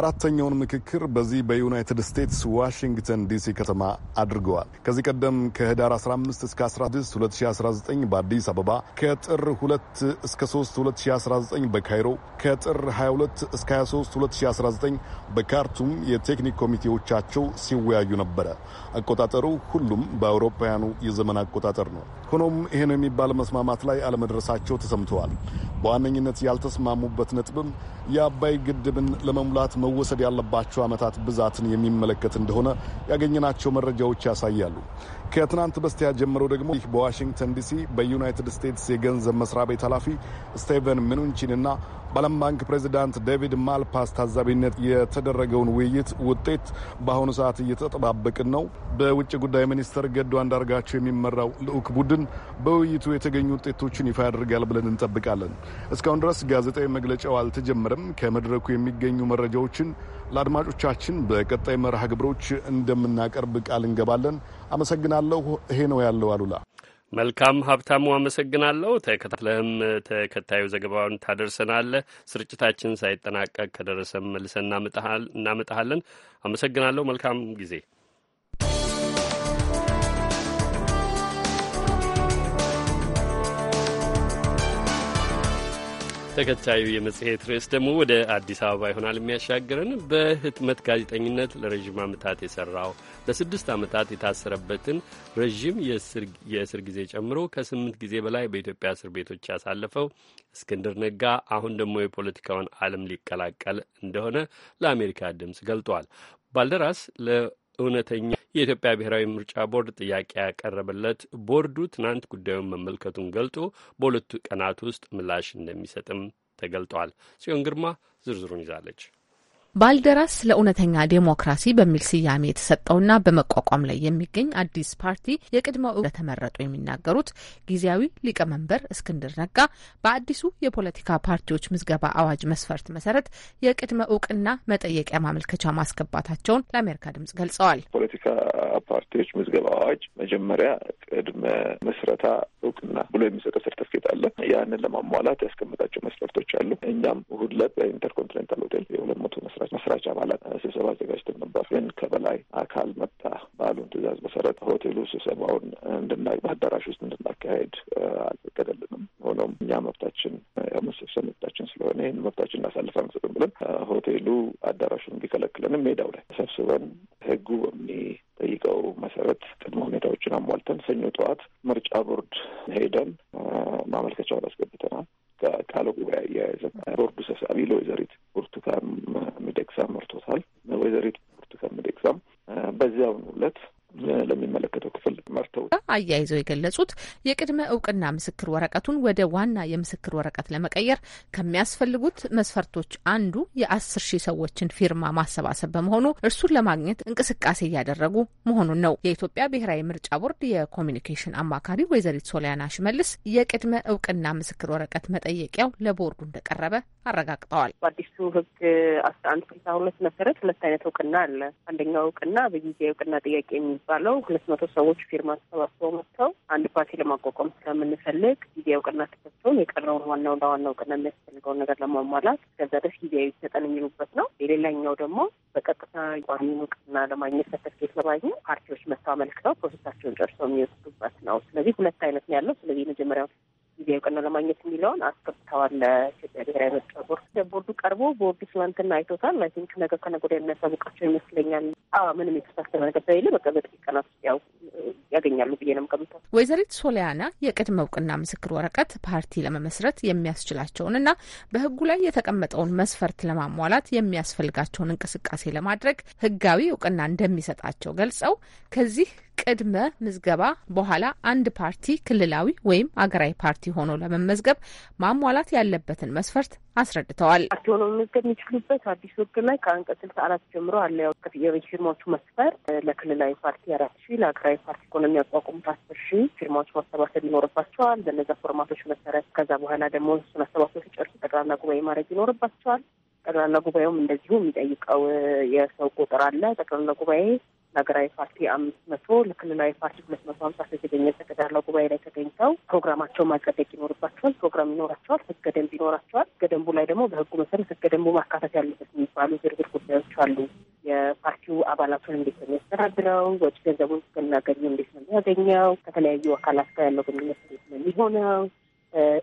አራተኛውን ምክክር በዚህ በዩናይትድ ስቴትስ ዋሽንግተን ዲሲ ከተማ አድርገዋል። ከዚህ ቀደም ከህዳር 15 እስከ 16 2019 በአዲስ አበባ፣ ከጥር 2 እስከ 3 2019 በካይሮ፣ ከጥር 22 እስከ 23 2019 በካርቱም የቴክኒክ ኮሚቴዎቻቸው ሲወያዩ ነበረ። አቆጣጠሩ ሁሉም በአውሮፓውያኑ የዘመን አቆጣጠር ነው። ሆኖም ይህን የሚባል መስማማት ላይ አለመድረሳቸው ተሰምተዋል። በዋነኝነት ያልተስማሙበት ነጥብም የአባይ ግድብን ለመሙላት መወሰድ ያለባቸው ዓመታት ብዛትን የሚመለከት እንደሆነ ያገኘናቸው መረጃዎች ያሳያሉ። ከትናንት በስቲያ ጀምሮ ደግሞ ይህ በዋሽንግተን ዲሲ በዩናይትድ ስቴትስ የገንዘብ መስሪያ ቤት ኃላፊ ስቴቨን ምኑንቺን እና በዓለም ባንክ ፕሬዚዳንት ዴቪድ ማልፓስ ታዛቢነት የተደረገውን ውይይት ውጤት በአሁኑ ሰዓት እየተጠባበቅን ነው። በውጭ ጉዳይ ሚኒስትር ገዱ አንዳርጋቸው የሚመራው ልዑክ ቡድን በውይይቱ የተገኙ ውጤቶችን ይፋ ያደርጋል ብለን እንጠብቃለን። እስካሁን ድረስ ጋዜጣዊ መግለጫው አልተጀመረም። ከመድረኩ የሚገኙ መረጃዎችን ለአድማጮቻችን በቀጣይ መርሃ ግብሮች እንደምናቀርብ ቃል እንገባለን። አመሰግናለሁ። ይሄ ነው ያለው አሉላ መልካም ሀብታሙ፣ አመሰግናለሁ። ተከታትለህም ተከታዩ ዘገባውን ታደርሰናለህ። ስርጭታችን ሳይጠናቀቅ ከደረሰም መልሰን እናመጣሃለን። አመሰግናለሁ። መልካም ጊዜ። ተከታዩ የመጽሔት ርዕስ ደግሞ ወደ አዲስ አበባ ይሆናል የሚያሻግረን። በህትመት ጋዜጠኝነት ለረዥም ዓመታት የሰራው ለስድስት ዓመታት የታሰረበትን ረዥም የእስር ጊዜ ጨምሮ ከስምንት ጊዜ በላይ በኢትዮጵያ እስር ቤቶች ያሳለፈው እስክንድር ነጋ አሁን ደግሞ የፖለቲካውን ዓለም ሊቀላቀል እንደሆነ ለአሜሪካ ድምፅ ገልጧል። ባልደራስ እውነተኛ የኢትዮጵያ ብሔራዊ ምርጫ ቦርድ ጥያቄ ያቀረበለት ቦርዱ ትናንት ጉዳዩን መመልከቱን ገልጦ በሁለቱ ቀናት ውስጥ ምላሽ እንደሚሰጥም ተገልጧል። ጽዮን ግርማ ዝርዝሩን ይዛለች። ባልደራስ ለእውነተኛ ዴሞክራሲ በሚል ስያሜ የተሰጠውና በመቋቋም ላይ የሚገኝ አዲስ ፓርቲ የቅድመ እንደተመረጡ የሚናገሩት ጊዜያዊ ሊቀመንበር እስክንድር ነጋ በአዲሱ የፖለቲካ ፓርቲዎች ምዝገባ አዋጅ መስፈርት መሰረት የቅድመ እውቅና መጠየቂያ ማመልከቻ ማስገባታቸውን ለአሜሪካ ድምጽ ገልጸዋል። ፖለቲካ ፓርቲዎች ምዝገባ አዋጅ መጀመሪያ ቅድመ ምስረታ እውቅና ብሎ የሚሰጠው ሰርተፍኬት አለ። ያንን ለማሟላት ያስቀመጣቸው መስፈርቶች አሉ። እኛም እሑድ ዕለት በኢንተርኮንቲኔንታል ሆቴል የሁለት መቶ መስራት መስራች አባላት ስብሰባ አዘጋጅተን ነበር። ግን ከበላይ አካል መጣ ባሉን ትዕዛዝ መሰረት ሆቴሉ ስብሰባውን እንድና በአዳራሽ ውስጥ እንድናካሄድ አልፈቀደልንም። ሆኖም እኛ መብታችን መሰብሰብ መብታችን ስለሆነ ይህን መብታችን እናሳልፍ አንሰጥም ብለን ሆቴሉ አዳራሹን ቢከለክለንም ሜዳው ላይ ተሰብስበን ህጉ በሚጠይቀው መሰረት ቅድመ ሁኔታዎችን አሟልተን ሰኞ ጠዋት ምርጫ ቦርድ ሄደን ማመልከቻውን አስገብተናል። ቃለ ጉባኤ አያያዘ ቦርዱ ሰብሳቢ ለወይዘሪት ብርቱካን ሚደቅሳ መርቶታል። ወይዘሪት ብርቱካን ሚደቅሳም በዚያውን ዕለት ለሚመለከተው ክፍል መርተው አያይዘው የገለጹት የቅድመ እውቅና ምስክር ወረቀቱን ወደ ዋና የምስክር ወረቀት ለመቀየር ከሚያስፈልጉት መስፈርቶች አንዱ የአስር ሺህ ሰዎችን ፊርማ ማሰባሰብ በመሆኑ እርሱን ለማግኘት እንቅስቃሴ እያደረጉ መሆኑን ነው። የኢትዮጵያ ብሔራዊ ምርጫ ቦርድ የኮሚኒኬሽን አማካሪ ወይዘሪት ሶሊያና ሽመልስ የቅድመ እውቅና ምስክር ወረቀት መጠየቂያው ለቦርዱ እንደቀረበ አረጋግጠዋል። በአዲሱ ህግ አስራ አንድ ስልሳ ሁለት መሰረት ሁለት አይነት እውቅና አለ። አንደኛው እውቅና በጊዜ እውቅና ጥያቄ የሚ የሚባለው ሁለት መቶ ሰዎች ፊርማ ተሰባስበው መጥተው አንድ ፓርቲ ለማቋቋም ስለምንፈልግ ጊዜ እውቅና ተሰጥቶን የቀረውን ዋናው ለዋናው እውቅና የሚያስፈልገውን ነገር ለማሟላት ከዛ ደስ ጊዜያዊ ይሰጠን የሚሉበት ነው። የሌላኛው ደግሞ በቀጥታ ቋሚን እውቅና ለማግኘት ሰርተፍኬት ለማግኘ ፓርቲዎች መጥተው አመልክተው ፕሮሴሳቸውን ጨርሰው የሚወስዱበት ነው። ስለዚህ ሁለት አይነት ነው ያለው። ስለዚህ የመጀመሪያው ጊዜ እውቅና ለማግኘት የሚለውን አስገብተዋል። ለኢትዮጵያ ብሔራዊ ምርጫ ቦርድ ቦርዱ ቀርቦ ቦርዱ ትናንትና አይቶታል። አይ ቲንክ ነገ ከነገ ወዲያ የሚያሳውቃቸው ይመስለኛል። ምንም የተሳሰበ ነገር ስለሌለ በቃ በጥቂት ቀናት ያው ያገኛሉ ብዬ ነው የምገምተው። ወይዘሪት ሶሊያና የቅድመ እውቅና ምስክር ወረቀት ፓርቲ ለመመስረት የሚያስችላቸውን የሚያስችላቸውንና በህጉ ላይ የተቀመጠውን መስፈርት ለማሟላት የሚያስፈልጋቸውን እንቅስቃሴ ለማድረግ ህጋዊ እውቅና እንደሚሰጣቸው ገልጸው ከዚህ ቅድመ ምዝገባ በኋላ አንድ ፓርቲ ክልላዊ ወይም አገራዊ ፓርቲ ሆኖ ለመመዝገብ ማሟላት ያለበትን መስፈርት አስረድተዋል። ፓርቲ ሆኖ መመዝገብ የሚችሉበት አዲስ ሕግ ላይ ከአንቀጽ ስልሳ አራት ጀምሮ አለ። ያው የፊርማዎቹ መስፈርት ለክልላዊ ፓርቲ አራት ሺ ለአገራዊ ፓርቲ ሆነ የሚያቋቁሙት አስር ሺ ፊርማዎች ማሰባሰብ ይኖርባቸዋል። በነዛ ፎርማቶች መሰረት ከዛ በኋላ ደግሞ እሱን አሰባሰብ ሲጨርሱ ጠቅላላ ጉባኤ ማድረግ ይኖርባቸዋል። ጠቅላላ ጉባኤውም እንደዚሁ የሚጠይቀው የሰው ቁጥር አለ። ጠቅላላ ጉባኤ ለሀገራዊ ፓርቲ አምስት መቶ ለክልላዊ ፓርቲ ሁለት መቶ ሀምሳ ሰው የተገኘ ጠቅላላ ጉባኤ ላይ ተገኝተው ፕሮግራማቸውን ማጸደቅ ይኖርባቸዋል። ፕሮግራም ይኖራቸዋል። ህገ ደንብ ይኖራቸዋል። ህገ ደንቡ ላይ ደግሞ በህጉ መሰረት ህገ ደንቡ ማካተት ያለበት የሚባሉ ዝርዝር ጉዳዮች አሉ። የፓርቲው አባላቱን እንዴት ነው የሚያስተዳድረው? ወጪ ገንዘቡን ስናገኙ እንዴት ነው የሚያገኘው? ከተለያዩ አካላት ጋር ያለው ግንኙነት እንዴት ነው የሚሆነው?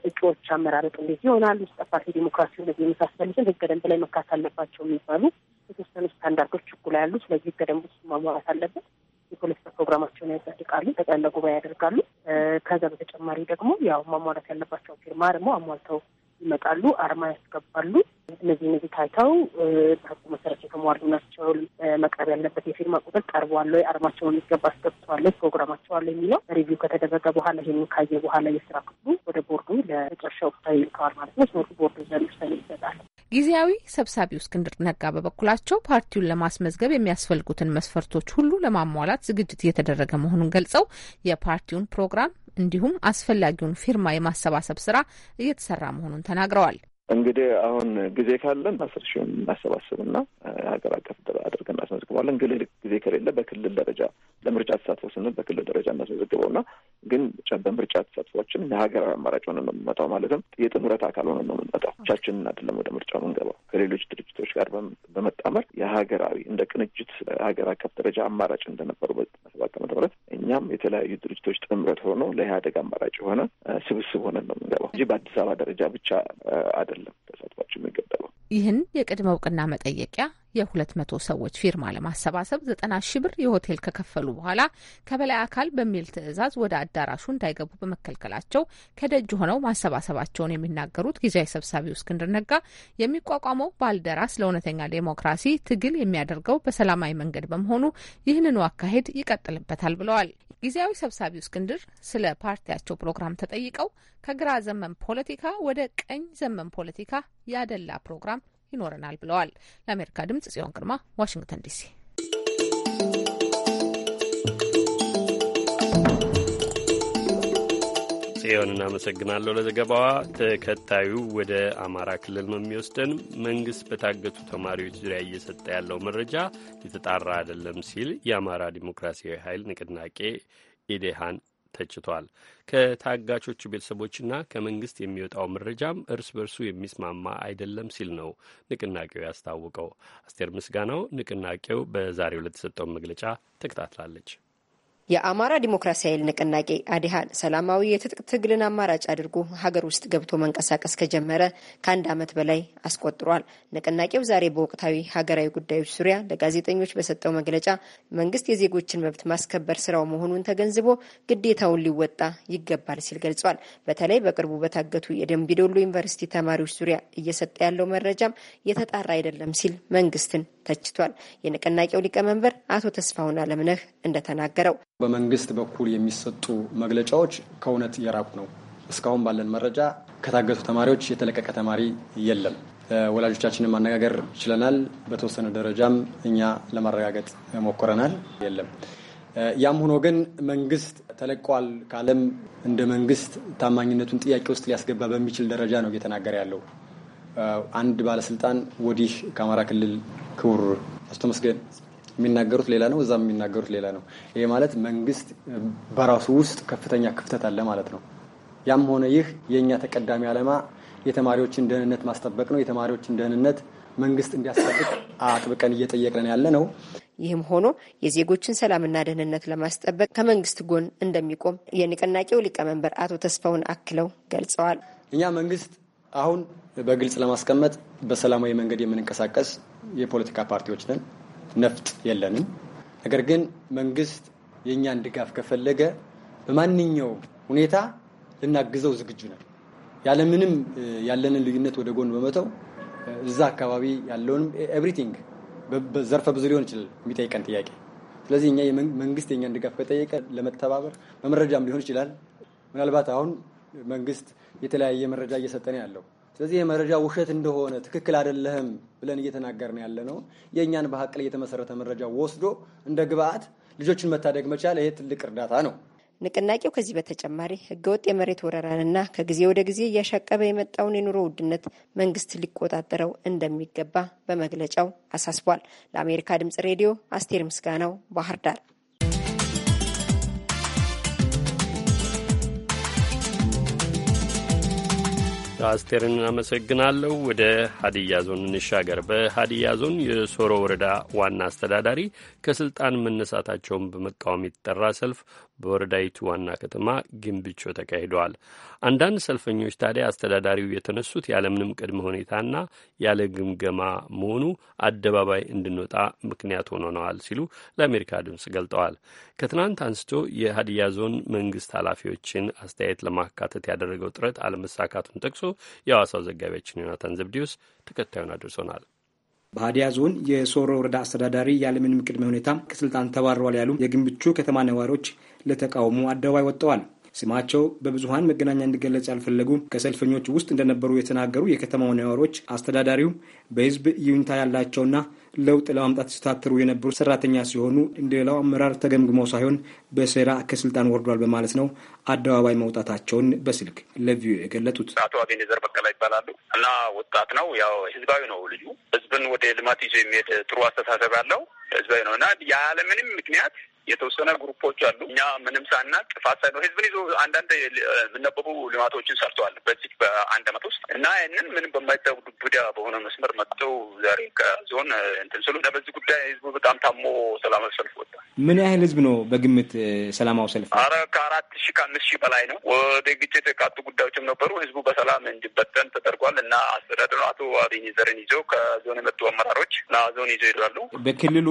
እጩዎች አመራረጥ እንዴት ይሆናል? ውስጠ ፓርቲ ዲሞክራሲ፣ እነዚህ የመሳሰሉትን ህገ ደንብ ላይ መካት አለባቸው የሚባሉ የተወሰኑ ስታንዳርዶች እኩል ያሉ፣ ስለዚህ ህገ ውስጥ ማሟላት አለበት። የፖለቲካ ፕሮግራማቸውን ያጸድቃሉ፣ ጠቅላላ ጉባኤ ያደርጋሉ። ከዛ በተጨማሪ ደግሞ ያው ማሟላት ያለባቸው ፊርማ ደግሞ አሟልተው ይመጣሉ፣ አርማ ያስገባሉ። እነዚህ እነዚህ ታይተው በህጉ መሰረት የተሟሉ ናቸው፣ መቅረብ ያለበት የፊርማ ቁጥር ቀርቧል ወይ፣ አርማቸውን ሊገባ አስገብተዋል፣ ፕሮግራማቸው አለ የሚለው ሪቪው ከተደረገ በኋላ ይህን ካየ በኋላ የስራ ክፍሉ ወደ ቦርዱ ለመጨረሻ ውሳኔ ይልከዋል ማለት ነው። ቦርዱ ቦርዱ ዘንድ ውሳኔ ይሰጣል። ጊዜያዊ ሰብሳቢው እስክንድር ነጋ በበኩላቸው ፓርቲውን ለማስመዝገብ የሚያስፈልጉትን መስፈርቶች ሁሉ ለማሟላት ዝግጅት እየተደረገ መሆኑን ገልጸው የፓርቲውን ፕሮግራም እንዲሁም አስፈላጊውን ፊርማ የማሰባሰብ ስራ እየተሰራ መሆኑን ተናግረዋል። እንግዲህ አሁን ጊዜ ካለን አስር ሺውን እናሰባስብና ሀገር አቀፍ አድርገን እናስመዝግበዋለን። ግን ጊዜ ከሌለ በክልል ደረጃ ለምርጫ ተሳትፎ ስንል በክልል ደረጃ እናስመዘግበውና ግን በምርጫ ተሳትፏችን የሀገር አማራጭ ሆነ ነው የምንመጣው። ማለትም የጥምረት አካል ሆነ ነው የምንመጣው። ብቻችንን አይደለም ወደ ምርጫው የምንገባው። ከሌሎች ድርጅቶች ጋር በመጣመር የሀገራዊ እንደ ቅንጅት ሀገር አቀፍ ደረጃ አማራጭ እንደነበሩ በሰባት ዓመተ ምህረት እኛም የተለያዩ ድርጅቶች ጥምረት ሆኖ ለኢህአደግ አማራጭ የሆነ ስብስብ ሆነን ነው የምንገባው እንጂ በአዲስ አበባ ደረጃ ብቻ አይደለም። አይደለም ተሳትፏቸው የሚገደበው። ይህን የቅድመ እውቅና መጠየቂያ የሁለት መቶ ሰዎች ፊርማ ለማሰባሰብ ዘጠና ሺ ብር የሆቴል ከከፈሉ በኋላ ከበላይ አካል በሚል ትዕዛዝ ወደ አዳራሹ እንዳይገቡ በመከልከላቸው ከደጅ ሆነው ማሰባሰባቸውን የሚናገሩት ጊዜያዊ ሰብሳቢው እስክንድር ነጋ የሚቋቋመው ባልደራስ ለእውነተኛ ዴሞክራሲ ትግል የሚያደርገው በሰላማዊ መንገድ በመሆኑ ይህንኑ አካሄድ ይቀጥልበታል ብለዋል። ጊዜያዊ ሰብሳቢው እስክንድር ስለ ፓርቲያቸው ፕሮግራም ተጠይቀው ከግራ ዘመን ፖለቲካ ወደ ቀኝ ዘመን ፖለቲካ ያደላ ፕሮግራም ይኖረናል ብለዋል። ለአሜሪካ ድምጽ ጽዮን ግርማ ዋሽንግተን ዲሲ ጽዮን እናመሰግናለሁ ለዘገባዋ። ተከታዩ ወደ አማራ ክልል ነው የሚወስደን። መንግስት በታገቱ ተማሪዎች ዙሪያ እየሰጠ ያለው መረጃ የተጣራ አይደለም ሲል የአማራ ዲሞክራሲያዊ ኃይል ንቅናቄ ኢዴሃን ተችቷል። ከታጋቾቹ ቤተሰቦችና ከመንግስት የሚወጣው መረጃም እርስ በርሱ የሚስማማ አይደለም ሲል ነው ንቅናቄው ያስታወቀው። አስቴር ምስጋናው ንቅናቄው በዛሬው ለተሰጠውን መግለጫ ተከታትላለች። የአማራ ዲሞክራሲያዊ ኃይል ንቅናቄ አዲሃን ሰላማዊ የትጥቅ ትግልን አማራጭ አድርጎ ሀገር ውስጥ ገብቶ መንቀሳቀስ ከጀመረ ከአንድ ዓመት በላይ አስቆጥሯል። ንቅናቄው ዛሬ በወቅታዊ ሀገራዊ ጉዳዮች ዙሪያ ለጋዜጠኞች በሰጠው መግለጫ መንግስት የዜጎችን መብት ማስከበር ስራው መሆኑን ተገንዝቦ ግዴታውን ሊወጣ ይገባል ሲል ገልጿል። በተለይ በቅርቡ በታገቱ የደምቢ ዶሎ ዩኒቨርሲቲ ተማሪዎች ዙሪያ እየሰጠ ያለው መረጃም የተጣራ አይደለም ሲል መንግስትን ተችቷል። የንቅናቄው ሊቀመንበር አቶ ተስፋሁን አለምነህ እንደተናገረው በመንግስት በኩል የሚሰጡ መግለጫዎች ከእውነት የራቁ ነው። እስካሁን ባለን መረጃ ከታገቱ ተማሪዎች የተለቀቀ ተማሪ የለም። ወላጆቻችንን ማነጋገር ችለናል። በተወሰነ ደረጃም እኛ ለማረጋገጥ ሞክረናል። የለም። ያም ሆኖ ግን መንግስት ተለቋል ካለም እንደ መንግስት ታማኝነቱን ጥያቄ ውስጥ ሊያስገባ በሚችል ደረጃ ነው እየተናገረ ያለው። አንድ ባለስልጣን ወዲህ ከአማራ ክልል ክቡር አቶ መስገን የሚናገሩት ሌላ ነው፣ እዛም የሚናገሩት ሌላ ነው። ይሄ ማለት መንግስት በራሱ ውስጥ ከፍተኛ ክፍተት አለ ማለት ነው። ያም ሆነ ይህ የእኛ ተቀዳሚ ዓላማ የተማሪዎችን ደህንነት ማስጠበቅ ነው። የተማሪዎችን ደህንነት መንግስት እንዲያስጠብቅ አጥብቀን እየጠየቅን ያለ ነው። ይህም ሆኖ የዜጎችን ሰላምና ደህንነት ለማስጠበቅ ከመንግስት ጎን እንደሚቆም የንቅናቄው ሊቀመንበር አቶ ተስፋውን አክለው ገልጸዋል። እኛ መንግስት አሁን በግልጽ ለማስቀመጥ በሰላማዊ መንገድ የምንንቀሳቀስ የፖለቲካ ፓርቲዎች ነን። ነፍጥ የለንም። ነገር ግን መንግስት የእኛን ድጋፍ ከፈለገ በማንኛው ሁኔታ ልናግዘው ዝግጁ ነን። ያለምንም ያለንን ልዩነት ወደ ጎን በመተው እዛ አካባቢ ያለውንም ኤቭሪቲንግ ዘርፈ ብዙ ሊሆን ይችላል የሚጠይቀን ጥያቄ። ስለዚህ እኛ መንግስት የእኛን ድጋፍ ከጠየቀ ለመተባበር በመረጃም ሊሆን ይችላል። ምናልባት አሁን መንግስት የተለያየ መረጃ እየሰጠን ያለው ስለዚህ የመረጃ ውሸት እንደሆነ ትክክል አይደለህም ብለን እየተናገርን ያለ ነው። የእኛን በሀቅ ላይ የተመሰረተ መረጃ ወስዶ እንደ ግብአት ልጆችን መታደግ መቻል ይሄ ትልቅ እርዳታ ነው። ንቅናቄው ከዚህ በተጨማሪ ህገወጥ የመሬት ወረራንና ከጊዜ ወደ ጊዜ እያሻቀበ የመጣውን የኑሮ ውድነት መንግስት ሊቆጣጠረው እንደሚገባ በመግለጫው አሳስቧል። ለአሜሪካ ድምጽ ሬዲዮ አስቴር ምስጋናው ባህር ዳር አስቴርን አመሰግናለሁ። ወደ ሀዲያ ዞን እንሻገር። በሀዲያ ዞን የሶሮ ወረዳ ዋና አስተዳዳሪ ከስልጣን መነሳታቸውን በመቃወም የተጠራ ሰልፍ በወረዳይቱ ዋና ከተማ ግንብቾ ተካሂደዋል። አንዳንድ ሰልፈኞች ታዲያ አስተዳዳሪው የተነሱት ያለምንም ቅድመ ሁኔታና ያለ ግምገማ መሆኑ አደባባይ እንድንወጣ ምክንያት ሆነዋል ሲሉ ለአሜሪካ ድምፅ ገልጠዋል። ከትናንት አንስቶ የሀዲያ ዞን መንግስት ኃላፊዎችን አስተያየት ለማካተት ያደረገው ጥረት አለመሳካቱን ጠቅሶ የሐዋሳው ዘጋቢያችን ዮናታን ዘብዲዮስ ተከታዩን አድርሶናል። በሀዲያ ዞን የሶሮ ወረዳ አስተዳዳሪ ያለምንም ቅድመ ሁኔታ ከስልጣን ተባረዋል ያሉ የግንብቹ ከተማ ነዋሪዎች ለተቃውሞ አደባባይ ወጥተዋል። ስማቸው በብዙሀን መገናኛ እንዲገለጽ ያልፈለጉ ከሰልፈኞች ውስጥ እንደነበሩ የተናገሩ የከተማው ነዋሪዎች አስተዳዳሪው በህዝብ ይሁንታ ያላቸውና ለውጥ ለማምጣት ሲታትሩ የነበሩ ሰራተኛ ሲሆኑ እንደሌላው አመራር ተገምግመው ሳይሆን በሴራ ከስልጣን ወርዷል በማለት ነው አደባባይ መውጣታቸውን በስልክ ለቪዮ የገለጡት። አቶ አቤኔዘር በቀላ ይባላሉ እና ወጣት ነው። ያው ህዝባዊ ነው ልዩ ህዝብን ወደ ልማት ይዞ የሚሄድ ጥሩ አስተሳሰብ ያለው ህዝባዊ ነው እና ያለምንም ምክንያት የተወሰነ ግሩፖች አሉ። እኛ ምንም ሳና ጥፋት ሳይኖር ህዝብን ይዞ አንዳንድ የሚነበቡ ልማቶችን ሰርተዋል በዚህ በአንድ አመት ውስጥ እና ይህንን ምንም በማይተቡዳ በሆነ መስመር መጥተው ዛሬ ከዞን እንትን ስሉ በዚህ ጉዳይ ህዝቡ በጣም ታሞ ሰላማዊ ሰልፍ ወጣ። ምን ያህል ህዝብ ነው በግምት ሰላማዊ ሰልፍ? አረ ከአራት ሺ ከአምስት ሺህ በላይ ነው። ወደ ግጭት የቃጡ ጉዳዮችም ነበሩ። ህዝቡ በሰላም እንዲበጠን ተደርጓል እና አስተዳደሩ አቶ አብኝ ዘርን ይዘው ከዞን የመጡ አመራሮች ና ዞን ይዘው ይሄዳሉ። በክልሉ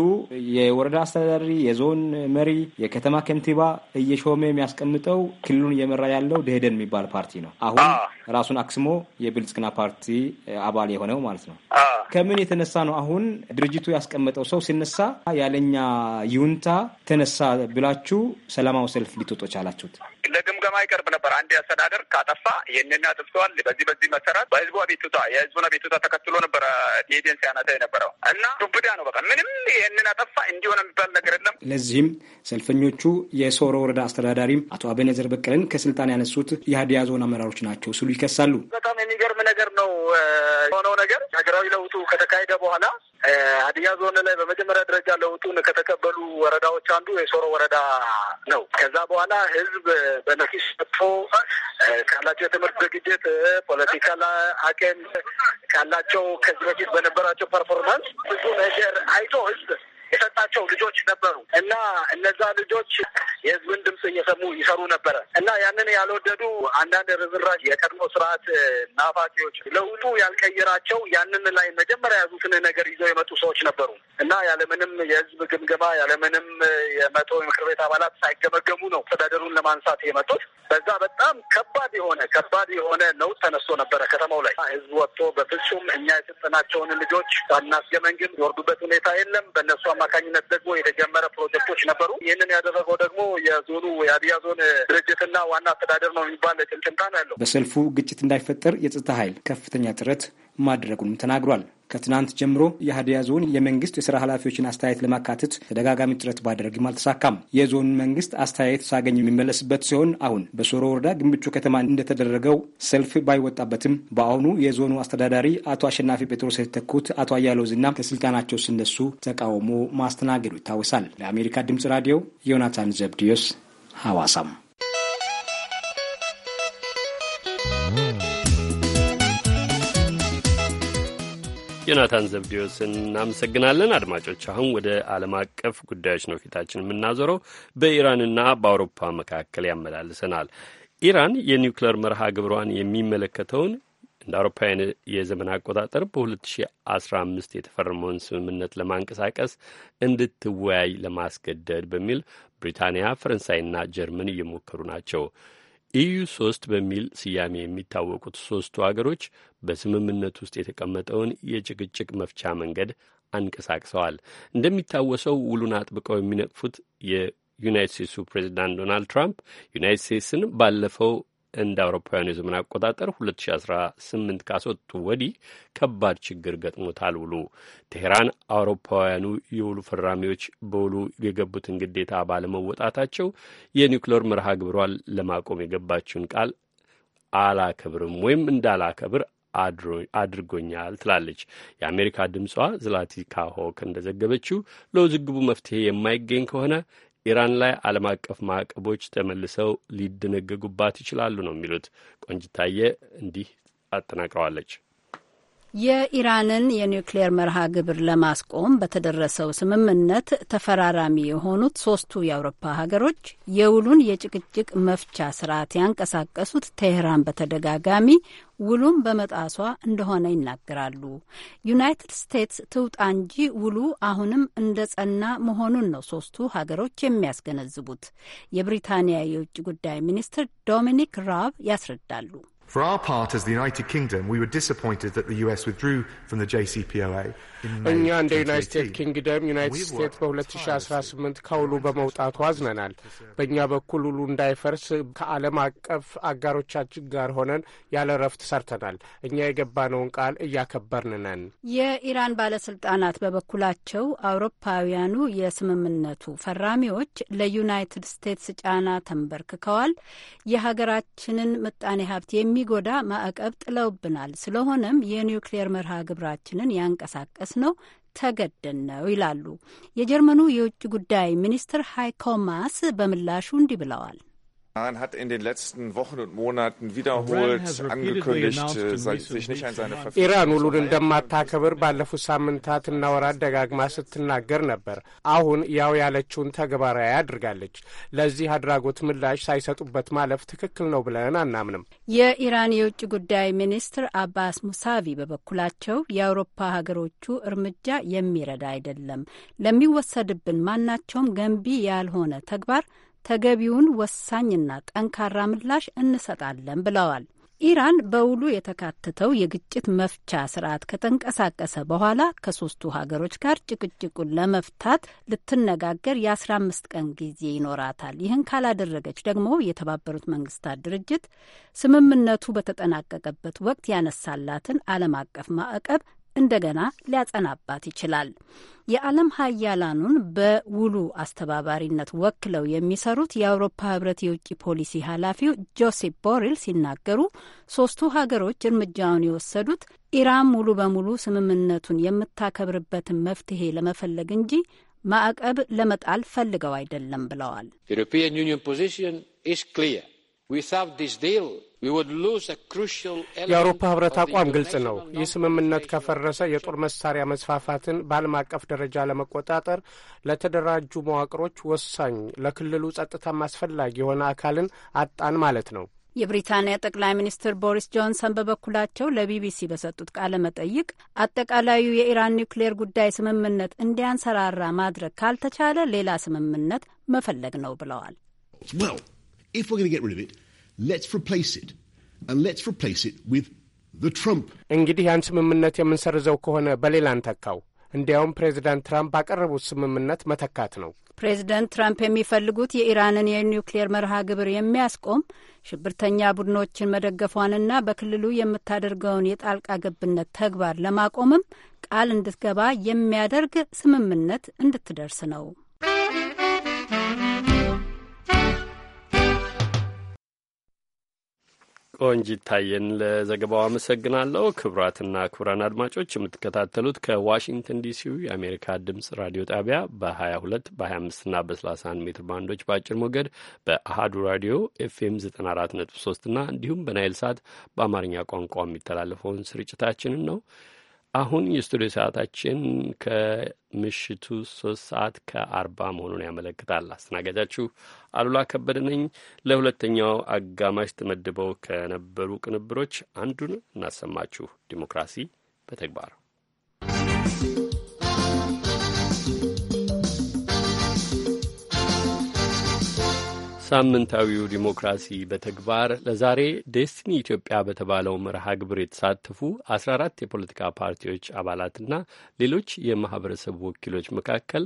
የወረዳ አስተዳዳሪ የዞን መሪ፣ የከተማ ከንቲባ እየሾመ የሚያስቀምጠው ክልሉን እየመራ ያለው ደኢህዴን የሚባል ፓርቲ ነው። አሁን ራሱን አክስሞ የብልጽግና ፓርቲ አባል የሆነው ማለት ነው። ከምን የተነሳ ነው አሁን ድርጅቱ ያስቀመጠው ሰው ሲነሳ ያለኛ ይሁንታ ተነሳ ብላችሁ ሰላማዊ ሰልፍ ልትወጡ ቻላችሁት? ለግምገማ ይቀርብ ነበር። አንድ አስተዳደር ካጠፋ ይህንን አጥፍተዋል፣ በዚህ በዚህ መሰረት በህዝቡ አቤቱታ የህዝቡን አቤቱታ ተከትሎ ነበረ ኤጀንሲ አናተ የነበረው እና ዱብዳ ነው። በቃ ምንም ይህንን አጠፋ እንዲሆነ የሚባል ነገር የለም። ለዚህም ሰልፈኞቹ የሶሮ ወረዳ አስተዳዳሪም አቶ አቤነዘር በቀለን ከስልጣን ያነሱት የሀዲያ ዞን አመራሮች ናቸው ስሉ ይከሳሉ። በጣም የሚገርም ነገር ነው የሆነው ነገር ሀገራዊ ለውጡ ከተካሄደ በኋላ ሀዲያ ዞን ላይ በመጀመሪያ ደረጃ ለውጡን ከተቀበሉ ወረዳዎች አንዱ የሶሮ ወረዳ ነው። ከዛ በኋላ ህዝብ በነፊስ ሰጥቶ ካላቸው የትምህርት ዝግጅት፣ ፖለቲካል አቅም ካላቸው ከዚህ በፊት በነበራቸው ፐርፎርማንስ ብዙ ነገር አይቶ ህዝብ የሰጣቸው ልጆች ነበሩ እና እነዛ ልጆች የህዝብን ድምፅ እየሰሙ ይሰሩ ነበረ እና ያንን ያልወደዱ አንዳንድ ርዝራዥ የቀድሞ ስርዓት ናፋቂዎች ለውጡ ያልቀየራቸው ያንን ላይ መጀመሪያ ያዙትን ነገር ይዘው የመጡ ሰዎች ነበሩ እና ያለምንም የህዝብ ግምገማ ያለምንም የመቶ የምክር ቤት አባላት ሳይገመገሙ ነው አስተዳደሩን ለማንሳት የመጡት። በዛ በጣም ከባድ የሆነ ከባድ የሆነ ነው ተነስቶ ነበረ ከተማው ላይ ህዝብ ወጥቶ በፍጹም እኛ የሰጠናቸውን ልጆች ባናስገመንግም የወርዱበት ሁኔታ የለም በእነሱ አማካኝነት ደግሞ የተጀመረ ፕሮጀክቶች ነበሩ። ይህንን ያደረገው ደግሞ የዞኑ የሀዲያ ዞን ድርጅትና ዋና አስተዳደር ነው የሚባል ጭምጭምታን ያለው። በሰልፉ ግጭት እንዳይፈጠር የጸጥታ ኃይል ከፍተኛ ጥረት ማድረጉንም ተናግሯል። ከትናንት ጀምሮ የሀዲያ ዞን የመንግስት የስራ ኃላፊዎችን አስተያየት ለማካተት ተደጋጋሚ ጥረት ባደረግም አልተሳካም። የዞን መንግስት አስተያየት ሳገኝ የሚመለስበት ሲሆን አሁን በሶሮ ወረዳ ግንብቹ ከተማ እንደተደረገው ሰልፍ ባይወጣበትም በአሁኑ የዞኑ አስተዳዳሪ አቶ አሸናፊ ጴጥሮስ የተተኩት አቶ አያለው ዝና ከስልጣናቸው ስነሱ ተቃውሞ ማስተናገዱ ይታወሳል። ለአሜሪካ ድምጽ ራዲዮ ዮናታን ዘብዲዮስ ሐዋሳም ዮናታን ዘብዲዮስ እናመሰግናለን። አድማጮች፣ አሁን ወደ ዓለም አቀፍ ጉዳዮች ነው ፊታችን የምናዞረው። በኢራንና በአውሮፓ መካከል ያመላልሰናል። ኢራን የኒውክሌር መርሃ ግብሯን የሚመለከተውን እንደ አውሮፓውያን የዘመን አቆጣጠር በ2015 የተፈረመውን ስምምነት ለማንቀሳቀስ እንድትወያይ ለማስገደድ በሚል ብሪታንያ፣ ፈረንሳይና ጀርመን እየሞከሩ ናቸው። ኢዩ ሶስት በሚል ስያሜ የሚታወቁት ሶስቱ አገሮች በስምምነት ውስጥ የተቀመጠውን የጭቅጭቅ መፍቻ መንገድ አንቀሳቅሰዋል። እንደሚታወሰው ውሉን አጥብቀው የሚነቅፉት የዩናይት ስቴትሱ ፕሬዚዳንት ዶናልድ ትራምፕ ዩናይት ስቴትስን ባለፈው እንደ አውሮፓውያኑ የዘመን አቆጣጠር 2018 ካስወጡ ወዲህ ከባድ ችግር ገጥሞታል ውሉ። ቴሄራን አውሮፓውያኑ የውሉ ፈራሚዎች በውሉ የገቡትን ግዴታ ባለመወጣታቸው የኒውክሌር መርሃ ግብሯን ለማቆም የገባችውን ቃል አላከብርም ወይም እንዳላከብር አድርጎኛል ትላለች። የአሜሪካ ድምጿ ዝላቲካ ሆክ እንደዘገበችው ለውዝግቡ መፍትሄ የማይገኝ ከሆነ ኢራን ላይ ዓለም አቀፍ ማዕቀቦች ተመልሰው ሊደነገጉባት ይችላሉ ነው የሚሉት። ቆንጅታየ እንዲህ አጠናቅረዋለች። የኢራንን የኒውክሌር መርሃ ግብር ለማስቆም በተደረሰው ስምምነት ተፈራራሚ የሆኑት ሶስቱ የአውሮፓ ሀገሮች የውሉን የጭቅጭቅ መፍቻ ስርዓት ያንቀሳቀሱት ቴህራን በተደጋጋሚ ውሉም በመጣሷ እንደሆነ ይናገራሉ። ዩናይትድ ስቴትስ ትውጣ እንጂ ውሉ አሁንም እንደ ጸና መሆኑን ነው ሶስቱ ሀገሮች የሚያስገነዝቡት። የብሪታንያ የውጭ ጉዳይ ሚኒስትር ዶሚኒክ ራብ ያስረዳሉ። For our part, as the United Kingdom, we were disappointed that the US withdrew from the JCPOA እኛ እንደ ዩናይት ኪንግደም ዩናይትድ ስቴትስ በ2018 ከውሉ በመውጣቱ አዝነናል። በእኛ በኩል ውሉ እንዳይፈርስ ከዓለም አቀፍ አጋሮቻችን ጋር ሆነን ያለ ረፍት ሰርተናል። እኛ የገባነውን ቃል እያከበርን ነን። የኢራን ባለስልጣናት በበኩላቸው አውሮፓውያኑ የስምምነቱ ፈራሚዎች ለዩናይትድ ስቴትስ ጫና ተንበርክከዋል፣ የሀገራችንን ምጣኔ ሀብት የሚጎዳ ማዕቀብ ጥለውብናል፣ ስለሆነም የኒውክሌር መርሃ ግብራችንን ያንቀሳቀስ ነው ተገደን ነው ይላሉ። የጀርመኑ የውጭ ጉዳይ ሚኒስትር ሃይኮ ማስ በምላሹ እንዲህ ብለዋል። hat in den letzten Wochen und Monaten wiederholt angekündigt, äh, sich nicht an seine Verpflichtungen ኢራን ውሉን እንደማታከብር ባለፉት ሳምንታትና ወራት ደጋግማ ስትናገር ነበር። አሁን ያው ያለችውን ተግባራዊ አድርጋለች። ለዚህ አድራጎት ምላሽ ሳይሰጡበት ማለፍ ትክክል ነው ብለን አናምንም። የኢራን የውጭ ጉዳይ ሚኒስትር አባስ ሙሳቪ በበኩላቸው የአውሮፓ ሀገሮቹ እርምጃ የሚረዳ አይደለም፣ ለሚወሰድብን ማናቸውም ገንቢ ያልሆነ ተግባር ተገቢውን ወሳኝና ጠንካራ ምላሽ እንሰጣለን ብለዋል። ኢራን በውሉ የተካተተው የግጭት መፍቻ ስርዓት ከተንቀሳቀሰ በኋላ ከሶስቱ ሀገሮች ጋር ጭቅጭቁን ለመፍታት ልትነጋገር የአስራ አምስት ቀን ጊዜ ይኖራታል። ይህን ካላደረገች ደግሞ የተባበሩት መንግስታት ድርጅት ስምምነቱ በተጠናቀቀበት ወቅት ያነሳላትን ዓለም አቀፍ ማዕቀብ እንደገና ሊያጸናባት ይችላል። የዓለም ሀያላኑን በውሉ አስተባባሪነት ወክለው የሚሰሩት የአውሮፓ ህብረት የውጭ ፖሊሲ ኃላፊው ጆሴፕ ቦሬል ሲናገሩ ሶስቱ ሀገሮች እርምጃውን የወሰዱት ኢራን ሙሉ በሙሉ ስምምነቱን የምታከብርበትን መፍትሄ ለመፈለግ እንጂ ማዕቀብ ለመጣል ፈልገው አይደለም ብለዋል። የአውሮፓ ህብረት አቋም ግልጽ ነው። ይህ ስምምነት ከፈረሰ የጦር መሳሪያ መስፋፋትን በዓለም አቀፍ ደረጃ ለመቆጣጠር ለተደራጁ መዋቅሮች ወሳኝ፣ ለክልሉ ጸጥታም አስፈላጊ የሆነ አካልን አጣን ማለት ነው። የብሪታንያ ጠቅላይ ሚኒስትር ቦሪስ ጆንሰን በበኩላቸው ለቢቢሲ በሰጡት ቃለ መጠይቅ አጠቃላዩ የኢራን ኒውክሌር ጉዳይ ስምምነት እንዲያንሰራራ ማድረግ ካልተቻለ ሌላ ስምምነት መፈለግ ነው ብለዋል። እንግዲህ ያን ስምምነት የምንሰርዘው ከሆነ በሌላ እንተካው። እንዲያውም ፕሬዚዳንት ትራምፕ ባቀረቡት ስምምነት መተካት ነው። ፕሬዚደንት ትራምፕ የሚፈልጉት የኢራንን የኒውክሌር መርሃ ግብር የሚያስቆም ሽብርተኛ ቡድኖችን መደገፏንና በክልሉ የምታደርገውን የጣልቃ ገብነት ተግባር ለማቆምም ቃል እንድትገባ የሚያደርግ ስምምነት እንድትደርስ ነው። ቆንጂት ታየን ለዘገባው አመሰግናለሁ። ክቡራትና ክቡራን አድማጮች የምትከታተሉት ከዋሽንግተን ዲሲው የአሜሪካ ድምጽ ራዲዮ ጣቢያ በ22 በ25ና በ31 ሜትር ባንዶች በአጭር ሞገድ በአሃዱ ራዲዮ ኤፍኤም 94.3 እና እንዲሁም በናይል ሳት በአማርኛ ቋንቋ የሚተላለፈውን ስርጭታችንን ነው። አሁን የስቱዲዮ ሰዓታችን ከምሽቱ ሶስት ሰዓት ከአርባ መሆኑን ያመለክታል። አስተናጋጃችሁ አሉላ ከበደ ነኝ። ለሁለተኛው አጋማሽ ተመድበው ከነበሩ ቅንብሮች አንዱን እናሰማችሁ። ዲሞክራሲ በተግባር ሳምንታዊው ዲሞክራሲ በተግባር ለዛሬ ዴስቲኒ ኢትዮጵያ በተባለው መርሃ ግብር የተሳተፉ 14 የፖለቲካ ፓርቲዎች አባላትና ሌሎች የማህበረሰብ ወኪሎች መካከል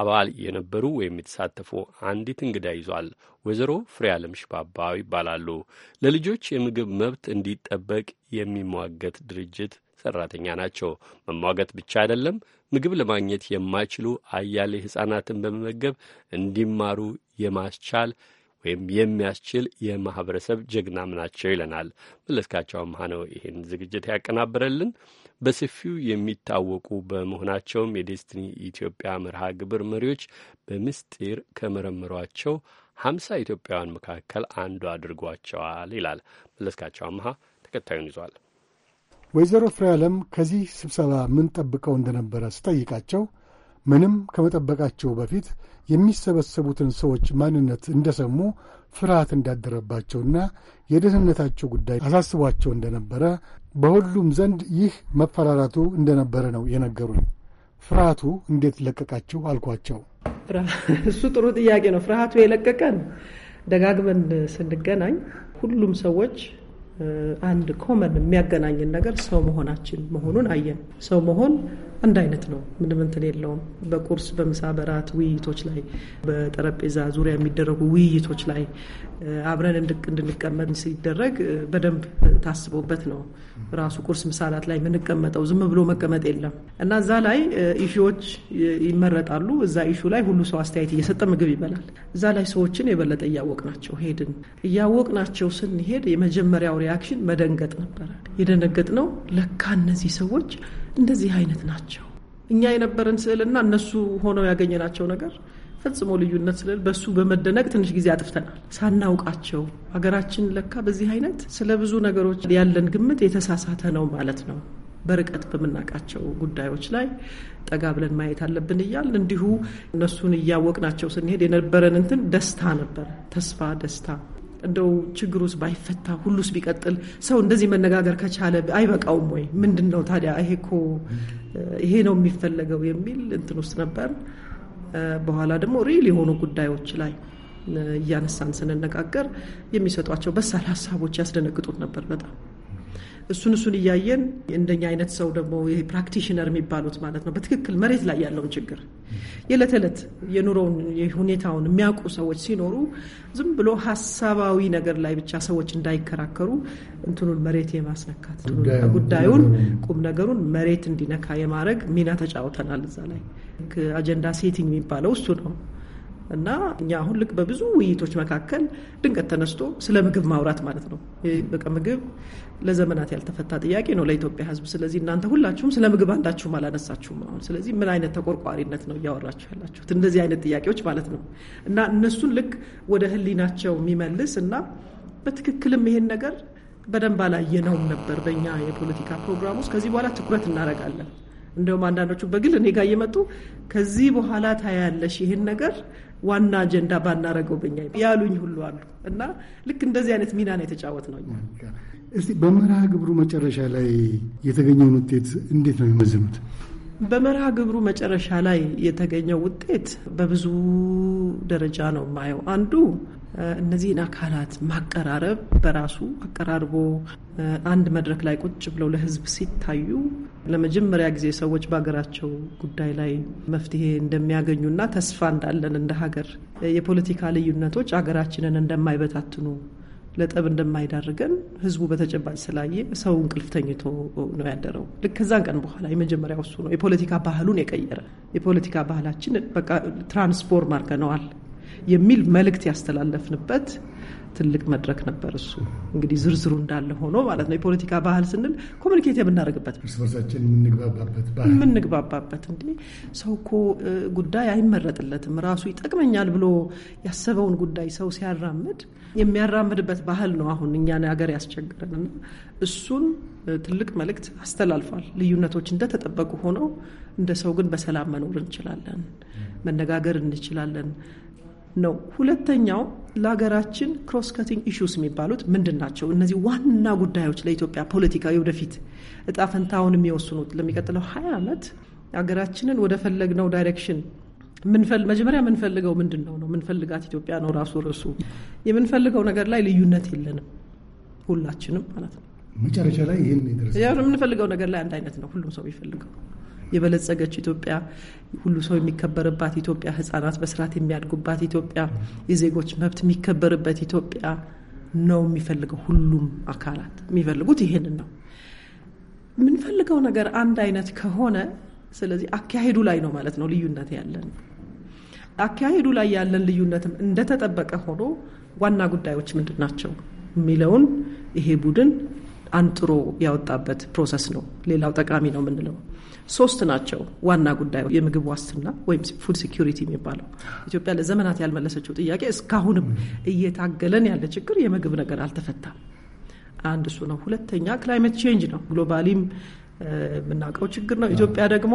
አባል የነበሩ ወይም የተሳተፉ አንዲት እንግዳ ይዟል። ወይዘሮ ፍሬ አለም ሽባባ ይባላሉ። ለልጆች የምግብ መብት እንዲጠበቅ የሚሟገት ድርጅት ሰራተኛ ናቸው። መሟገት ብቻ አይደለም፣ ምግብ ለማግኘት የማይችሉ አያሌ ህጻናትን በመመገብ እንዲማሩ የማስቻል ወይም የሚያስችል የማህበረሰብ ጀግናም ናቸው ይለናል። መለስካቸው አምሃ ነው ይህን ዝግጅት ያቀናበረልን። በሰፊው የሚታወቁ በመሆናቸውም የዴስቲኒ ኢትዮጵያ መርሃ ግብር መሪዎች በምስጢር ከመረመሯቸው ሀምሳ ኢትዮጵያውያን መካከል አንዱ አድርጓቸዋል ይላል መለስካቸው አምሃ። ተከታዩን ይዟል። ወይዘሮ ፍሬ ዓለም ከዚህ ስብሰባ ምን ጠብቀው እንደነበረ ስጠይቃቸው ምንም ከመጠበቃቸው በፊት የሚሰበሰቡትን ሰዎች ማንነት እንደሰሙ ፍርሃት እንዳደረባቸውና የደህንነታቸው ጉዳይ አሳስቧቸው እንደነበረ በሁሉም ዘንድ ይህ መፈራራቱ እንደነበረ ነው የነገሩኝ። ፍርሃቱ እንዴት ለቀቃችሁ አልኳቸው። እሱ ጥሩ ጥያቄ ነው። ፍርሃቱ የለቀቀን ደጋግመን ስንገናኝ ሁሉም ሰዎች አንድ ኮመን የሚያገናኝን ነገር ሰው መሆናችን መሆኑን አየን። ሰው መሆን አንድ አይነት ነው፣ ምንም እንትን የለውም። በቁርስ በምሳ በራት ውይይቶች ላይ በጠረጴዛ ዙሪያ የሚደረጉ ውይይቶች ላይ አብረን እንድንቀመጥ ሲደረግ በደንብ ታስቦበት ነው። ራሱ ቁርስ ምሳላት ላይ የምንቀመጠው ዝም ብሎ መቀመጥ የለም እና እዛ ላይ ኢሹዎች ይመረጣሉ። እዛ ኢሹ ላይ ሁሉ ሰው አስተያየት እየሰጠ ምግብ ይበላል። እዛ ላይ ሰዎችን የበለጠ እያወቅ ናቸው ሄድን። ናቸው ስንሄድ የመጀመሪያው ሪያክሽን መደንገጥ ነበረ። የደነገጥ ነው ለካ እነዚህ ሰዎች እንደዚህ አይነት ናቸው። እኛ የነበረን ስዕልና እነሱ ሆነው ያገኘናቸው ነገር ፈጽሞ ልዩነት ስለል በሱ በመደነቅ ትንሽ ጊዜ አጥፍተናል። ሳናውቃቸው ሀገራችን ለካ በዚህ አይነት ስለ ብዙ ነገሮች ያለን ግምት የተሳሳተ ነው ማለት ነው። በርቀት በምናውቃቸው ጉዳዮች ላይ ጠጋ ብለን ማየት አለብን እያል እንዲሁ እነሱን እያወቅናቸው ስንሄድ የነበረን እንትን ደስታ ነበር። ተስፋ፣ ደስታ እንደው ችግሩስ ባይፈታ ሁሉስ ቢቀጥል ሰው እንደዚህ መነጋገር ከቻለ አይበቃውም ወይ? ምንድን ነው ታዲያ ይሄ እኮ ይሄ ነው የሚፈለገው የሚል እንትን ውስጥ ነበር። በኋላ ደግሞ ሪል የሆኑ ጉዳዮች ላይ እያነሳን ስንነጋገር የሚሰጧቸው በሳል ሀሳቦች ያስደነግጡት ነበር በጣም እሱን እሱን እያየን እንደኛ አይነት ሰው ደግሞ ፕራክቲሽነር የሚባሉት ማለት ነው በትክክል መሬት ላይ ያለውን ችግር የዕለት ዕለት የኑሮውን ሁኔታውን የሚያውቁ ሰዎች ሲኖሩ ዝም ብሎ ሀሳባዊ ነገር ላይ ብቻ ሰዎች እንዳይከራከሩ እንትኑን መሬት የማስነካት ጉዳዩን ቁም ነገሩን መሬት እንዲነካ የማድረግ ሚና ተጫውተናል። እዛ ላይ አጀንዳ ሴቲንግ የሚባለው እሱ ነው። እና እኛ አሁን ልክ በብዙ ውይይቶች መካከል ድንገት ተነስቶ ስለ ምግብ ማውራት ማለት ነው። በቃ ምግብ ለዘመናት ያልተፈታ ጥያቄ ነው ለኢትዮጵያ ሕዝብ። ስለዚህ እናንተ ሁላችሁም ስለ ምግብ አንዳችሁም አላነሳችሁም። አሁን ስለዚህ ምን አይነት ተቆርቋሪነት ነው እያወራችሁ ያላችሁት? እንደዚህ አይነት ጥያቄዎች ማለት ነው እና እነሱን ልክ ወደ ህሊናቸው የሚመልስ እና በትክክልም ይሄን ነገር በደንብ አላየነውም ነበር በእኛ የፖለቲካ ፕሮግራም ውስጥ። ከዚህ በኋላ ትኩረት እናደርጋለን። እንደውም አንዳንዶቹ በግል እኔ ጋር እየመጡ ከዚህ በኋላ ታያለሽ ይህን ነገር ዋና አጀንዳ ባናረገው በኛ ያሉኝ ሁሉ አሉ እና ልክ እንደዚህ አይነት ሚና ነው የተጫወት ነው። እስቲ በመርሃ ግብሩ መጨረሻ ላይ የተገኘውን ውጤት እንዴት ነው የመዝኑት? በመርሃ ግብሩ መጨረሻ ላይ የተገኘው ውጤት በብዙ ደረጃ ነው የማየው። አንዱ እነዚህን አካላት ማቀራረብ በራሱ አቀራርቦ አንድ መድረክ ላይ ቁጭ ብለው ለሕዝብ ሲታዩ ለመጀመሪያ ጊዜ ሰዎች በሀገራቸው ጉዳይ ላይ መፍትሄ እንደሚያገኙና ተስፋ እንዳለን እንደ ሀገር የፖለቲካ ልዩነቶች ሀገራችንን እንደማይበታትኑ ለጠብ እንደማይዳርገን ህዝቡ በተጨባጭ ስላየ ሰው እንቅልፍ ተኝቶ ነው ያደረው። ልክ ከዛን ቀን በኋላ የመጀመሪያው እሱ ነው የፖለቲካ ባህሉን የቀየረ የፖለቲካ ባህላችን በቃ ትራንስፎርም አድርገነዋል። የሚል መልእክት ያስተላለፍንበት ትልቅ መድረክ ነበር። እሱ እንግዲህ ዝርዝሩ እንዳለ ሆኖ ማለት ነው። የፖለቲካ ባህል ስንል ኮሚኒኬት የምናደርግበት እርስ በርሳችን የምንግባባበት ሰው እኮ ጉዳይ አይመረጥለትም ራሱ ይጠቅመኛል ብሎ ያሰበውን ጉዳይ ሰው ሲያራምድ የሚያራምድበት ባህል ነው አሁን እኛን ሀገር ያስቸግረን እሱን ትልቅ መልእክት አስተላልፏል። ልዩነቶች እንደተጠበቁ ሆነው እንደ ሰው ግን በሰላም መኖር እንችላለን፣ መነጋገር እንችላለን ነው። ሁለተኛው ለሀገራችን ክሮስ ከቲንግ ኢሹስ የሚባሉት ምንድን ናቸው? እነዚህ ዋና ጉዳዮች ለኢትዮጵያ ፖለቲካ ወደፊት እጣ ፈንታውን የሚወስኑት ለሚቀጥለው ሀያ ዓመት ሀገራችንን ወደ ፈለግነው ዳይሬክሽን መጀመሪያ የምንፈልገው ምንድን ነው ነው ምንፈልጋት ኢትዮጵያ ነው ራሱ ርሱ የምንፈልገው ነገር ላይ ልዩነት የለንም ሁላችንም ማለት ነው። መጨረሻ ላይ ይህን የምንፈልገው ነገር ላይ አንድ አይነት ነው ሁሉም ሰው የሚፈልገው የበለጸገች ኢትዮጵያ፣ ሁሉ ሰው የሚከበርባት ኢትዮጵያ፣ ህጻናት በስርዓት የሚያድጉባት ኢትዮጵያ፣ የዜጎች መብት የሚከበርበት ኢትዮጵያ ነው የሚፈልገው። ሁሉም አካላት የሚፈልጉት ይሄንን ነው። የምንፈልገው ነገር አንድ አይነት ከሆነ ስለዚህ አካሄዱ ላይ ነው ማለት ነው ልዩነት ያለን። አካሄዱ ላይ ያለን ልዩነትም እንደተጠበቀ ሆኖ ዋና ጉዳዮች ምንድን ናቸው የሚለውን ይሄ ቡድን አንጥሮ ያወጣበት ፕሮሰስ ነው። ሌላው ጠቃሚ ነው የምንለው ሶስት ናቸው ዋና ጉዳዩ የምግብ ዋስትና ወይም ፉድ ሲኪሪቲ የሚባለው ኢትዮጵያ ለዘመናት ያልመለሰችው ጥያቄ እስካሁንም እየታገለን ያለ ችግር የምግብ ነገር አልተፈታም። አንድ እሱ ነው። ሁለተኛ ክላይሜት ቼንጅ ነው። ግሎባሊም የምናውቀው ችግር ነው። ኢትዮጵያ ደግሞ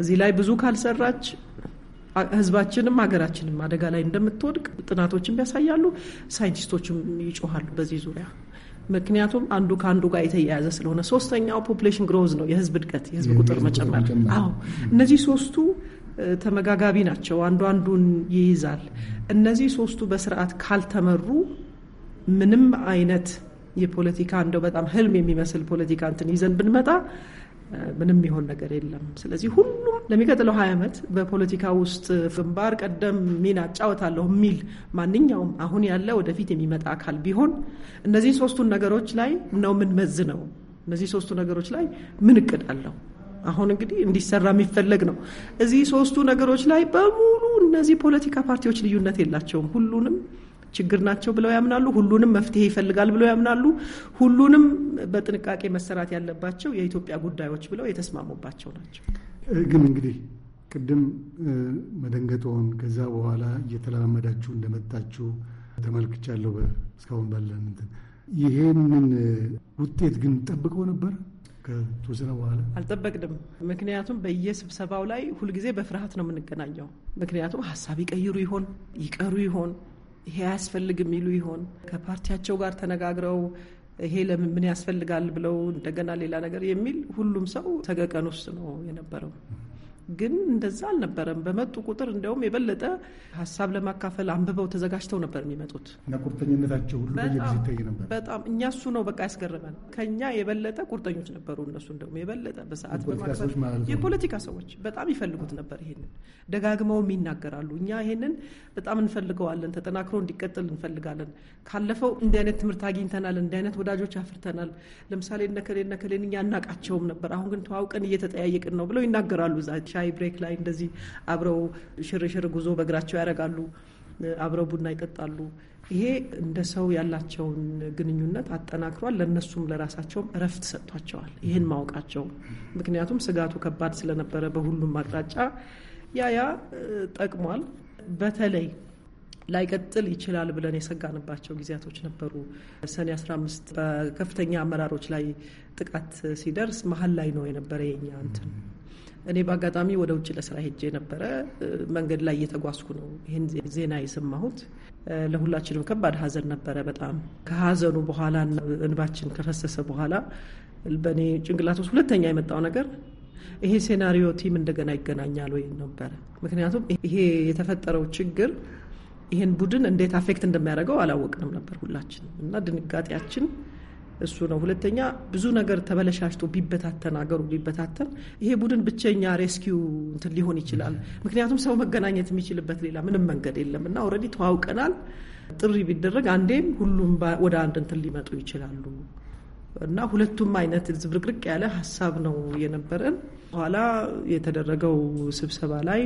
እዚህ ላይ ብዙ ካልሰራች ህዝባችንም ሀገራችንም አደጋ ላይ እንደምትወድቅ ጥናቶችም ያሳያሉ፣ ሳይንቲስቶችም ይጮሃሉ በዚህ ዙሪያ ምክንያቱም አንዱ ከአንዱ ጋር የተያያዘ ስለሆነ። ሶስተኛው ፖፕሌሽን ግሮዝ ነው፣ የህዝብ እድገት፣ የህዝብ ቁጥር መጨመር። አዎ እነዚህ ሶስቱ ተመጋጋቢ ናቸው፣ አንዱ አንዱን ይይዛል። እነዚህ ሶስቱ በስርዓት ካልተመሩ ምንም አይነት የፖለቲካ እንደው በጣም ህልም የሚመስል ፖለቲካ እንትን ይዘን ብንመጣ ምንም የሚሆን ነገር የለም። ስለዚህ ሁሉም ለሚቀጥለው ሀያ ዓመት በፖለቲካ ውስጥ ግንባር ቀደም ሚና እጫወታለሁ የሚል ማንኛውም አሁን ያለ ወደፊት የሚመጣ አካል ቢሆን እነዚህ ሶስቱን ነገሮች ላይ ነው ነው እነዚህ ሶስቱ ነገሮች ላይ ምን እቅድ አለው? አሁን እንግዲህ እንዲሰራ የሚፈለግ ነው። እዚህ ሶስቱ ነገሮች ላይ በሙሉ እነዚህ ፖለቲካ ፓርቲዎች ልዩነት የላቸውም። ሁሉንም ችግር ናቸው ብለው ያምናሉ። ሁሉንም መፍትሄ ይፈልጋል ብለው ያምናሉ። ሁሉንም በጥንቃቄ መሰራት ያለባቸው የኢትዮጵያ ጉዳዮች ብለው የተስማሙባቸው ናቸው። ግን እንግዲህ ቅድም መደንገጦን ከዛ በኋላ እየተለማመዳችሁ እንደመጣችሁ ተመልክቻለሁ። እስካሁን ባለን ይሄንን ውጤት ግን ጠብቀው ነበር ከተወሰነ በኋላ አልጠበቅንም። ምክንያቱም በየስብሰባው ላይ ሁልጊዜ በፍርሃት ነው የምንገናኘው። ምክንያቱም ሀሳብ ይቀይሩ ይሆን ይቀሩ ይሆን ይሄ አያስፈልግም ይሉ ይሆን? ከፓርቲያቸው ጋር ተነጋግረው ይሄ ለምን ምን ያስፈልጋል ብለው እንደገና ሌላ ነገር የሚል ሁሉም ሰው ተገቀን ውስጥ ነው የነበረው። ግን እንደዛ አልነበረም። በመጡ ቁጥር እንዲያውም የበለጠ ሀሳብ ለማካፈል አንብበው ተዘጋጅተው ነበር የሚመጡት እና ቁርጠኝነታቸው ሁሉ በየጊዜ ይታይ ነበር። በጣም እኛ እሱ ነው በቃ ያስገረመን። ከኛ የበለጠ ቁርጠኞች ነበሩ እነሱ እንደውም የበለጠ በሰዓት የፖለቲካ ሰዎች በጣም ይፈልጉት ነበር። ይሄንን ደጋግመውም ይናገራሉ። እኛ ይሄንን በጣም እንፈልገዋለን፣ ተጠናክሮ እንዲቀጥል እንፈልጋለን። ካለፈው እንዲህ አይነት ትምህርት አግኝተናል፣ እንዲህ አይነት ወዳጆች አፍርተናል። ለምሳሌ እነከሌ እነከሌን እኛ አናቃቸውም ነበር፣ አሁን ግን ተዋውቀን እየተጠያየቅን ነው ብለው ይናገራሉ ዛ ሻይ ብሬክ ላይ እንደዚህ አብረው ሽርሽር ጉዞ በእግራቸው ያደርጋሉ። አብረው ቡና ይጠጣሉ። ይሄ እንደ ሰው ያላቸውን ግንኙነት አጠናክሯል። ለእነሱም ለራሳቸውም እረፍት ሰጥቷቸዋል። ይህን ማወቃቸው ምክንያቱም ስጋቱ ከባድ ስለነበረ በሁሉም አቅጣጫ ያ ያ ጠቅሟል። በተለይ ላይቀጥል ይችላል ብለን የሰጋንባቸው ጊዜያቶች ነበሩ። ሰኔ 15 በከፍተኛ አመራሮች ላይ ጥቃት ሲደርስ መሀል ላይ ነው የነበረ የኛ እንትን እኔ በአጋጣሚ ወደ ውጭ ለስራ ሄጄ ነበረ። መንገድ ላይ እየተጓዝኩ ነው ይህን ዜና የሰማሁት። ለሁላችንም ከባድ ሀዘን ነበረ። በጣም ከሀዘኑ በኋላ እንባችን ከፈሰሰ በኋላ በእኔ ጭንቅላት ውስጥ ሁለተኛ የመጣው ነገር ይሄ ሴናሪዮ ቲም እንደገና ይገናኛል ወይ ነበረ። ምክንያቱም ይሄ የተፈጠረው ችግር ይህን ቡድን እንዴት አፌክት እንደሚያደርገው አላወቅንም ነበር ሁላችንም እና ድንጋጤያችን እሱ ነው። ሁለተኛ ብዙ ነገር ተበለሻሽቶ ቢበታተን አገሩ ቢበታተን ይሄ ቡድን ብቸኛ ሬስኪው እንትን ሊሆን ይችላል። ምክንያቱም ሰው መገናኘት የሚችልበት ሌላ ምንም መንገድ የለም እና ኦልሬዲ ተዋውቀናል። ጥሪ ቢደረግ አንዴም ሁሉም ወደ አንድ እንትን ሊመጡ ይችላሉ እና ሁለቱም አይነት ዝብርቅርቅ ያለ ሀሳብ ነው የነበረን። በኋላ የተደረገው ስብሰባ ላይ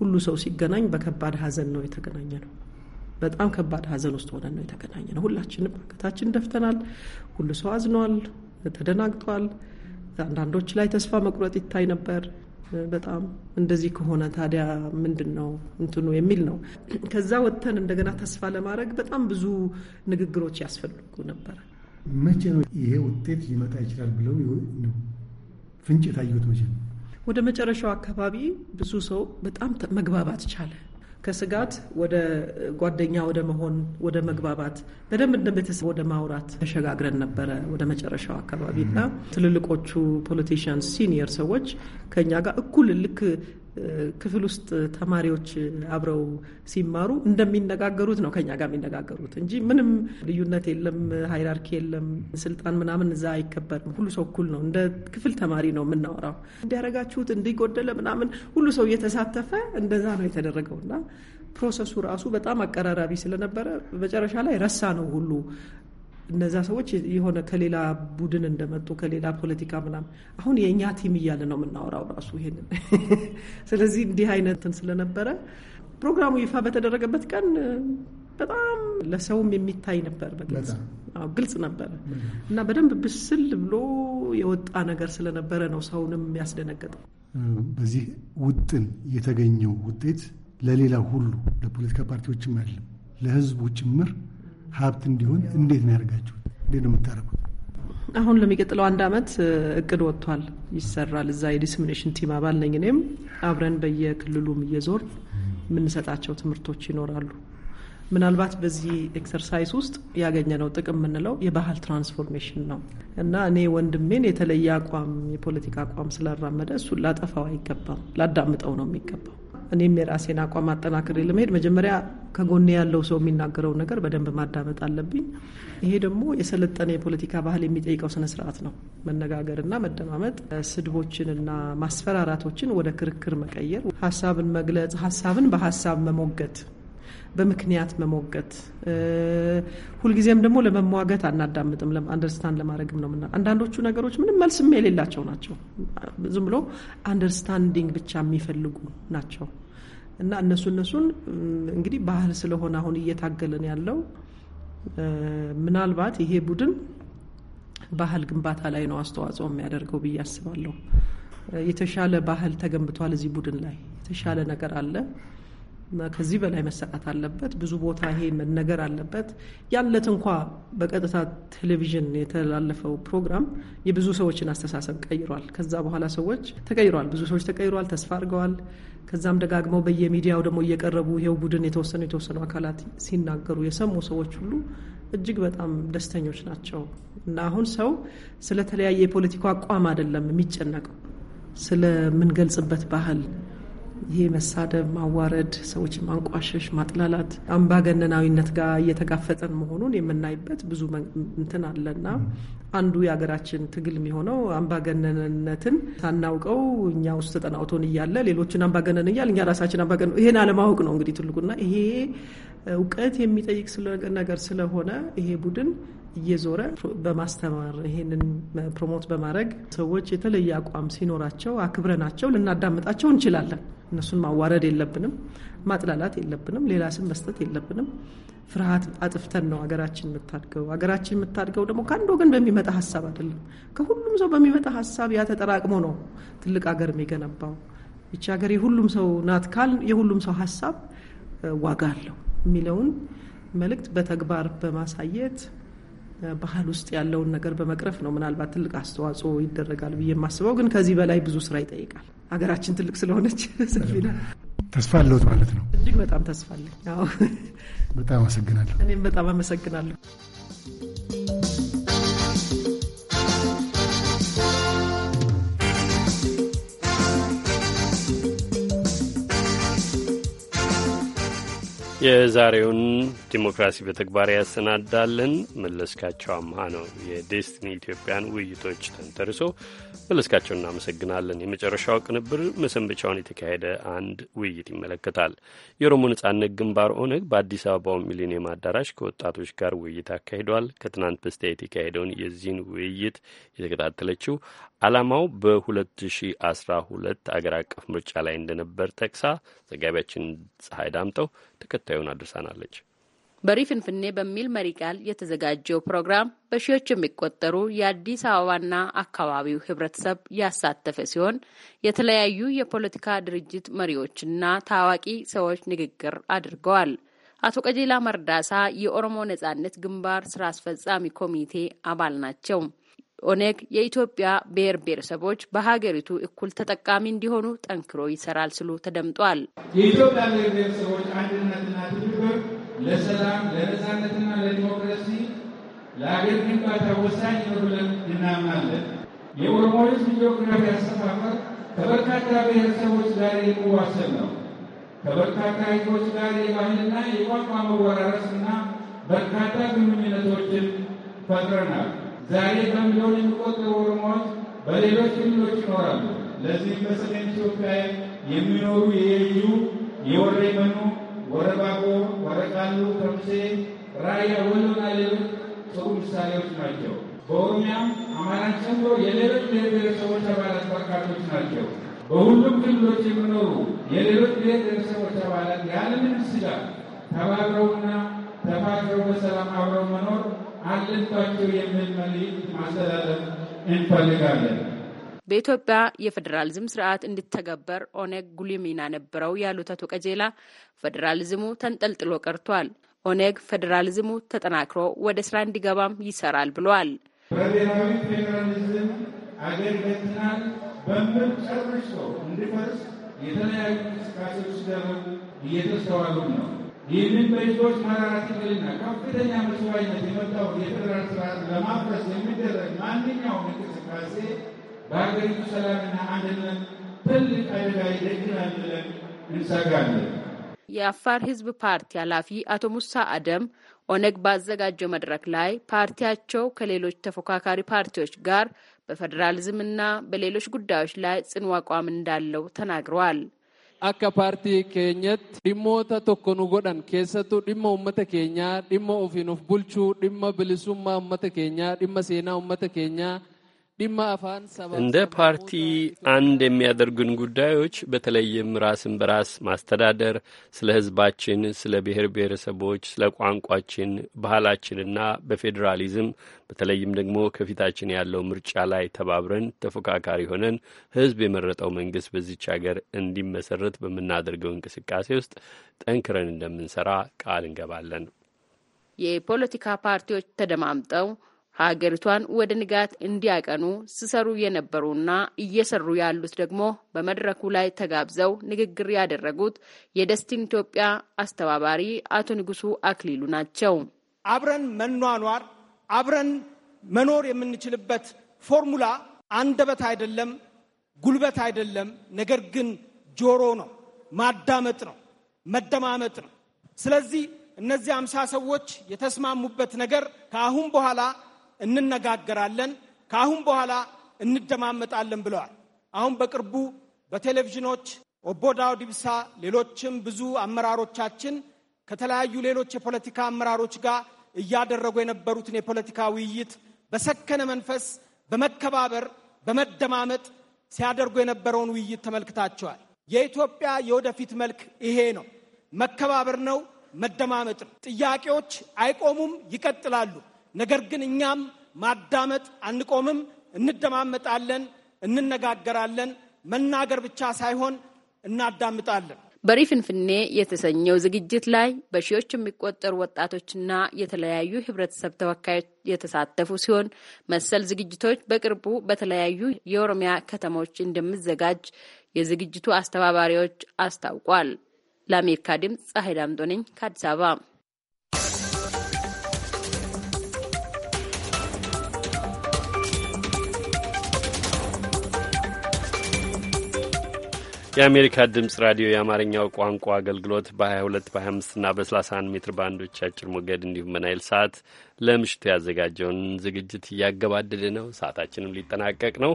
ሁሉ ሰው ሲገናኝ በከባድ ሀዘን ነው የተገናኘ ነው። በጣም ከባድ ሀዘን ውስጥ ሆነን ነው የተገናኘ ነው። ሁላችንም አንገታችን ደፍተናል። ሁሉ ሰው አዝኗል፣ ተደናግጧል። አንዳንዶች ላይ ተስፋ መቁረጥ ይታይ ነበር። በጣም እንደዚህ ከሆነ ታዲያ ምንድን ነው እንትኑ የሚል ነው። ከዛ ወጥተን እንደገና ተስፋ ለማድረግ በጣም ብዙ ንግግሮች ያስፈልጉ ነበረ። መቼ ነው ይሄ ውጤት ሊመጣ ይችላል ብለው ፍንጭ የታየሁት መቼ ነው? ወደ መጨረሻው አካባቢ ብዙ ሰው በጣም መግባባት ቻለ። ከስጋት ወደ ጓደኛ ወደ መሆን ወደ መግባባት በደንብ እንደ ቤተሰብ ወደ ማውራት ተሸጋግረን ነበረ ወደ መጨረሻው አካባቢ እና ትልልቆቹ ፖለቲሽያንስ ሲኒየር ሰዎች ከእኛ ጋር እኩል ልክ ክፍል ውስጥ ተማሪዎች አብረው ሲማሩ እንደሚነጋገሩት ነው ከኛ ጋር የሚነጋገሩት እንጂ ምንም ልዩነት የለም፣ ሃይራርኪ የለም፣ ስልጣን ምናምን እዛ አይከበርም። ሁሉ ሰው እኩል ነው። እንደ ክፍል ተማሪ ነው የምናወራው። እንዲያረጋችሁት እንዲጎደለ ምናምን ሁሉ ሰው እየተሳተፈ እንደዛ ነው የተደረገው እና ፕሮሰሱ ራሱ በጣም አቀራራቢ ስለነበረ መጨረሻ ላይ ረሳ ነው ሁሉ እነዛ ሰዎች የሆነ ከሌላ ቡድን እንደመጡ ከሌላ ፖለቲካ ምናምን አሁን የእኛ ቲም እያለ ነው የምናወራው ራሱ ይሄንን። ስለዚህ እንዲህ አይነትን ስለነበረ ፕሮግራሙ ይፋ በተደረገበት ቀን በጣም ለሰውም የሚታይ ነበር፣ በግልጽ ግልጽ ነበረ እና በደንብ ብስል ብሎ የወጣ ነገር ስለነበረ ነው ሰውንም ያስደነገጠው። በዚህ ውጥን የተገኘው ውጤት ለሌላ ሁሉ ለፖለቲካ ፓርቲዎችም አይደለም ለህዝቡ ጭምር ሀብት እንዲሆን እንዴት ነው ያደርጋችሁ? እንዴት ነው የምታደርጉት? አሁን ለሚቀጥለው አንድ አመት እቅድ ወጥቷል፣ ይሰራል። እዛ የዲስሚኔሽን ቲም አባል ነኝ እኔም። አብረን በየክልሉም እየዞር የምንሰጣቸው ትምህርቶች ይኖራሉ። ምናልባት በዚህ ኤክሰርሳይዝ ውስጥ ያገኘነው ጥቅም የምንለው የባህል ትራንስፎርሜሽን ነው እና እኔ ወንድሜን የተለየ አቋም የፖለቲካ አቋም ስላራመደ እሱን ላጠፋው አይገባም፣ ላዳምጠው ነው የሚገባው እኔም የራሴን አቋም አጠናክሬ ለመሄድ መጀመሪያ ከጎኔ ያለው ሰው የሚናገረው ነገር በደንብ ማዳመጥ አለብኝ። ይሄ ደግሞ የሰለጠነ የፖለቲካ ባህል የሚጠይቀው ስነ ስርዓት ነው። መነጋገርና መደማመጥ፣ ስድቦችንና ማስፈራራቶችን ወደ ክርክር መቀየር፣ ሀሳብን መግለጽ፣ ሀሳብን በሀሳብ መሞገት በምክንያት መሞገት ሁልጊዜም ደግሞ ለመሟገት አናዳምጥም። አንደርስታንድ ለማድረግም ነው። አንዳንዶቹ ነገሮች ምንም መልስም የሌላቸው ናቸው። ዝም ብሎ አንደርስታንዲንግ ብቻ የሚፈልጉ ናቸው እና እነሱ እነሱን እንግዲህ ባህል ስለሆነ አሁን እየታገለን ያለው ምናልባት ይሄ ቡድን ባህል ግንባታ ላይ ነው አስተዋጽኦ የሚያደርገው ብዬ አስባለሁ። የተሻለ ባህል ተገንብቷል። እዚህ ቡድን ላይ የተሻለ ነገር አለ። እና ከዚህ በላይ መሰራት አለበት። ብዙ ቦታ ይሄ መነገር አለበት። ያለት እንኳ በቀጥታ ቴሌቪዥን የተላለፈው ፕሮግራም የብዙ ሰዎችን አስተሳሰብ ቀይሯል። ከዛ በኋላ ሰዎች ተቀይሯል፣ ብዙ ሰዎች ተቀይረዋል፣ ተስፋ አድርገዋል። ከዛም ደጋግመው በየሚዲያው ደግሞ እየቀረቡ ይሄው ቡድን የተወሰኑ የተወሰኑ አካላት ሲናገሩ የሰሙ ሰዎች ሁሉ እጅግ በጣም ደስተኞች ናቸው። እና አሁን ሰው ስለተለያየ የፖለቲካ አቋም አይደለም የሚጨነቀው ስለምንገልጽበት ባህል ይሄ መሳደብ፣ ማዋረድ፣ ሰዎች ማንቋሸሽ፣ ማጥላላት አምባገነናዊነት ጋር እየተጋፈጠን መሆኑን የምናይበት ብዙ እንትን አለና አንዱ የሀገራችን ትግል የሚሆነው አምባገነንነትን ሳናውቀው እኛ ውስጥ ተጠናውቶን እያለ ሌሎችን አምባገነን እያል እኛ ራሳችን አምባገነ ይሄን አለማወቅ ነው እንግዲህ ትልቁና ይሄ እውቀት የሚጠይቅ ነገር ስለሆነ ይሄ ቡድን እየዞረ በማስተማር ይሄንን ፕሮሞት በማድረግ ሰዎች የተለየ አቋም ሲኖራቸው አክብረናቸው ልናዳምጣቸው እንችላለን። እነሱን ማዋረድ የለብንም፣ ማጥላላት የለብንም፣ ሌላ ስም መስጠት የለብንም። ፍርሃት አጥፍተን ነው ሀገራችን የምታድገው። ሀገራችን የምታድገው ደግሞ ከአንድ ወገን በሚመጣ ሀሳብ አይደለም፣ ከሁሉም ሰው በሚመጣ ሀሳብ ያ ተጠራቅሞ ነው ትልቅ ሀገር የሚገነባው። ይቺ ሀገር የሁሉም ሰው ናት ካል የሁሉም ሰው ሀሳብ ዋጋ አለው የሚለውን መልእክት በተግባር በማሳየት ባህል ውስጥ ያለውን ነገር በመቅረፍ ነው ምናልባት ትልቅ አስተዋጽኦ ይደረጋል ብዬ የማስበው። ግን ከዚህ በላይ ብዙ ስራ ይጠይቃል። ሀገራችን ትልቅ ስለሆነች ሰፊ ተስፋ አለሁት ማለት ነው። እጅግ በጣም ተስፋ አለኝ። በጣም አመሰግናለሁ። እኔም በጣም አመሰግናለሁ። የዛሬውን ዲሞክራሲ በተግባር ያሰናዳልን መለስካቸው አምሃ ነው። የዴስቲኒ ኢትዮጵያን ውይይቶች ተንተርሶ መለስካቸው እናመሰግናለን። የመጨረሻው ቅንብር መሰንበቻውን የተካሄደ አንድ ውይይት ይመለከታል። የኦሮሞ ነጻነት ግንባር ኦነግ በአዲስ አበባው ሚሊኒየም አዳራሽ ከወጣቶች ጋር ውይይት አካሂዷል። ከትናንት በስቲያ የተካሄደውን የዚህን ውይይት የተከታተለችው ዓላማው በ2012 አገር አቀፍ ምርጫ ላይ እንደነበር ጠቅሳ ዘጋቢያችን ፀሐይ ዳምጠው ተከታዩን አድርሳናለች። በሪ ፍንፍኔ በሚል መሪ ቃል የተዘጋጀው ፕሮግራም በሺዎች የሚቆጠሩ የአዲስ አበባና አካባቢው ህብረተሰብ ያሳተፈ ሲሆን የተለያዩ የፖለቲካ ድርጅት መሪዎችና ታዋቂ ሰዎች ንግግር አድርገዋል። አቶ ቀጀላ መርዳሳ የኦሮሞ ነጻነት ግንባር ስራ አስፈጻሚ ኮሚቴ አባል ናቸው። ኦኔግ የኢትዮጵያ ብሔር ብሔረሰቦች በሀገሪቱ እኩል ተጠቃሚ እንዲሆኑ ጠንክሮ ይሰራል ስሉ ተደምጧል። የኢትዮጵያ ብሔር ብሔረሰቦች አንድነትና ትብብር ለሰላም ለነጻነትና ለዲሞክራሲ ለሀገር ግንባታ ወሳኝ ነው ብለን እናምናለን። የኦሮሞ ሕዝብ ጂኦግራፊ አሰፋፈር ከበርካታ ብሔረሰቦች ጋር የሚዋሰን ነው። ከበርካታ ሕዝቦች ጋር የባህልና የቋንቋ መወራረስና በርካታ ግንኙነቶችን ፈጥረናል። ዛሬ በሚሊዮን የሚቆጠሩ ኦሮሞዎች በሌሎች ክልሎች ይኖራሉ። ለዚህም በሰሜን ኢትዮጵያ የሚኖሩ የየዩ፣ የወሬመኑ፣ ወረባቦ፣ ወረቃሉ፣ ከምሴ፣ ራያ፣ ወሎና ሌሎች ጥሩ ምሳሌዎች ናቸው። በኦሮሚያም አማራን ጨምሮ የሌሎች ብሔር ብሔረሰቦች አባላት በርካቶች ናቸው። በሁሉም ክልሎች የሚኖሩ የሌሎች ብሔር ብሔረሰቦች አባላት ያለምንም ስጋት ተባብረውና ተፋቅረው በሰላም አብረው መኖር አለባቸው የሚል መልዕክት ማስተላለፍ እንፈልጋለን። በኢትዮጵያ የፌዴራሊዝም ስርዓት እንዲተገበር ኦነግ ጉልህ ሚና ነበረው ያሉት አቶ ቀጀላ ፌዴራሊዝሙ ተንጠልጥሎ ቀርቷል፣ ኦነግ ፌዴራሊዝሙ ተጠናክሮ ወደ ስራ እንዲገባም ይሰራል ብለዋል። በብሔራዊ ፌዴራሊዝም አገር ገትናል በምል ጨርሶ እንዲፈርስ የተለያዩ እንቅስቃሴዎች ሲደረጉ እየተስተዋሉ ነው። ይህንን በህዝቦች ማራራትልና ከፍተኛ መስዋዕትነት የመጣውን የፌደራል ስርዓት ለማፍረስ የሚደረግ ማንኛውም እንቅስቃሴ በሀገሪቱ ሰላምና አንድነት ትልቅ አደጋ ይደቅናል ብለን እንሰጋለን። የአፋር ህዝብ ፓርቲ ኃላፊ አቶ ሙሳ አደም ኦነግ ባዘጋጀው መድረክ ላይ ፓርቲያቸው ከሌሎች ተፎካካሪ ፓርቲዎች ጋር በፌዴራሊዝምና በሌሎች ጉዳዮች ላይ ጽኑ አቋም እንዳለው ተናግረዋል። akka paartii keenyatti dhimmoota tokko nu godhan keessattuu dhimma uummata keenyaa dhimma ofiin of bulchuu dhimma bilisummaa uummata keenyaa dhimma seenaa uummata keenyaa እንደ ፓርቲ አንድ የሚያደርጉን ጉዳዮች በተለይም ራስን በራስ ማስተዳደር፣ ስለ ህዝባችን፣ ስለ ብሔር ብሔረሰቦች፣ ስለ ቋንቋችን፣ ባህላችንና በፌዴራሊዝም በተለይም ደግሞ ከፊታችን ያለው ምርጫ ላይ ተባብረን ተፎካካሪ ሆነን ህዝብ የመረጠው መንግስት በዚች ሀገር እንዲመሰረት በምናደርገው እንቅስቃሴ ውስጥ ጠንክረን እንደምንሰራ ቃል እንገባለን። የፖለቲካ ፓርቲዎች ተደማምጠው ሀገሪቷን ወደ ንጋት እንዲያቀኑ ሲሰሩ የነበሩና እየሰሩ ያሉት ደግሞ በመድረኩ ላይ ተጋብዘው ንግግር ያደረጉት የደስቲን ኢትዮጵያ አስተባባሪ አቶ ንጉሱ አክሊሉ ናቸው። አብረን መኗኗር አብረን መኖር የምንችልበት ፎርሙላ አንደበት አይደለም፣ ጉልበት አይደለም፣ ነገር ግን ጆሮ ነው፣ ማዳመጥ ነው፣ መደማመጥ ነው። ስለዚህ እነዚህ አምሳ ሰዎች የተስማሙበት ነገር ከአሁን በኋላ እንነጋገራለን፣ ከአሁን በኋላ እንደማመጣለን ብለዋል። አሁን በቅርቡ በቴሌቪዥኖች ኦቦ ዳውድ ኢብሳ፣ ሌሎችም ብዙ አመራሮቻችን ከተለያዩ ሌሎች የፖለቲካ አመራሮች ጋር እያደረጉ የነበሩትን የፖለቲካ ውይይት በሰከነ መንፈስ በመከባበር በመደማመጥ ሲያደርጉ የነበረውን ውይይት ተመልክታቸዋል። የኢትዮጵያ የወደፊት መልክ ይሄ ነው። መከባበር ነው፣ መደማመጥ ነው። ጥያቄዎች አይቆሙም፣ ይቀጥላሉ። ነገር ግን እኛም ማዳመጥ አንቆምም፣ እንደማመጣለን፣ እንነጋገራለን። መናገር ብቻ ሳይሆን እናዳምጣለን። በሪፍንፍኔ የተሰኘው ዝግጅት ላይ በሺዎች የሚቆጠሩ ወጣቶችና የተለያዩ ህብረተሰብ ተወካዮች የተሳተፉ ሲሆን መሰል ዝግጅቶች በቅርቡ በተለያዩ የኦሮሚያ ከተሞች እንደሚዘጋጅ የዝግጅቱ አስተባባሪዎች አስታውቋል። ለአሜሪካ ድምፅ ፀሐይ ዳምጦ ነኝ ከአዲስ አበባ። የአሜሪካ ድምፅ ራዲዮ የአማርኛው ቋንቋ አገልግሎት በ22 በ25 እና በ31 ሜትር ባንዶች አጭር ሞገድ እንዲሁም በናይል ሰዓት ለምሽቱ ያዘጋጀውን ዝግጅት እያገባደደ ነው። ሰዓታችንም ሊጠናቀቅ ነው።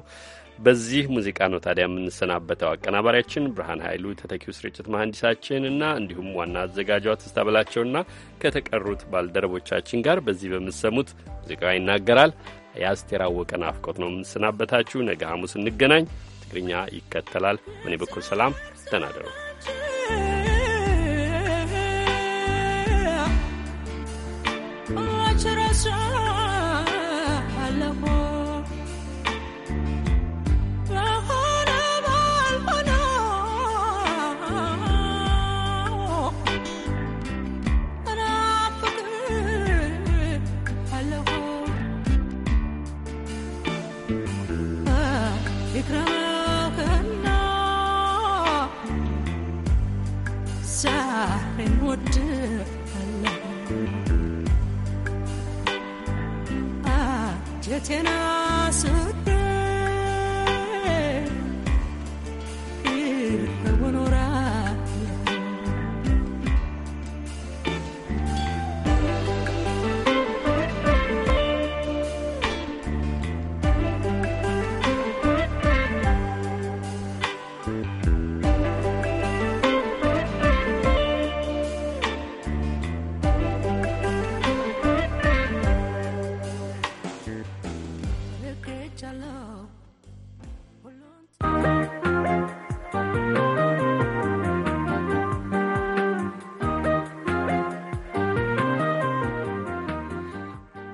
በዚህ ሙዚቃ ነው ታዲያ የምንሰናበተው። አቀናባሪያችን ብርሃን ኃይሉ፣ ተተኪው ስርጭት መሐንዲሳችን እና እንዲሁም ዋና አዘጋጇ ትስታበላቸውና ከተቀሩት ባልደረቦቻችን ጋር በዚህ በምሰሙት ሙዚቃ ይናገራል የአስቴር አወቀ ናፍቆት ነው የምንሰናበታችሁ። ነገ ሐሙስ እንገናኝ። በትግርኛ ይቀጥላል። በእኔ በኩል ሰላም፣ ደህና እደሩ። What Tena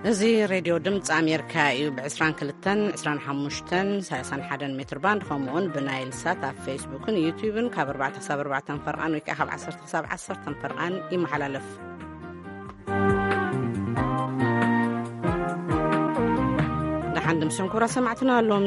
እዚ ሬድዮ ድምፂ ኣሜሪካ እዩ ብ222531 ሜትርባንድ ከምውን ብናይሳት ኣብ ፌስቡክ ዩብ ካብ4ር ወ11 ፈርን ይመሓላለፍ ሓ ስብራና ኣ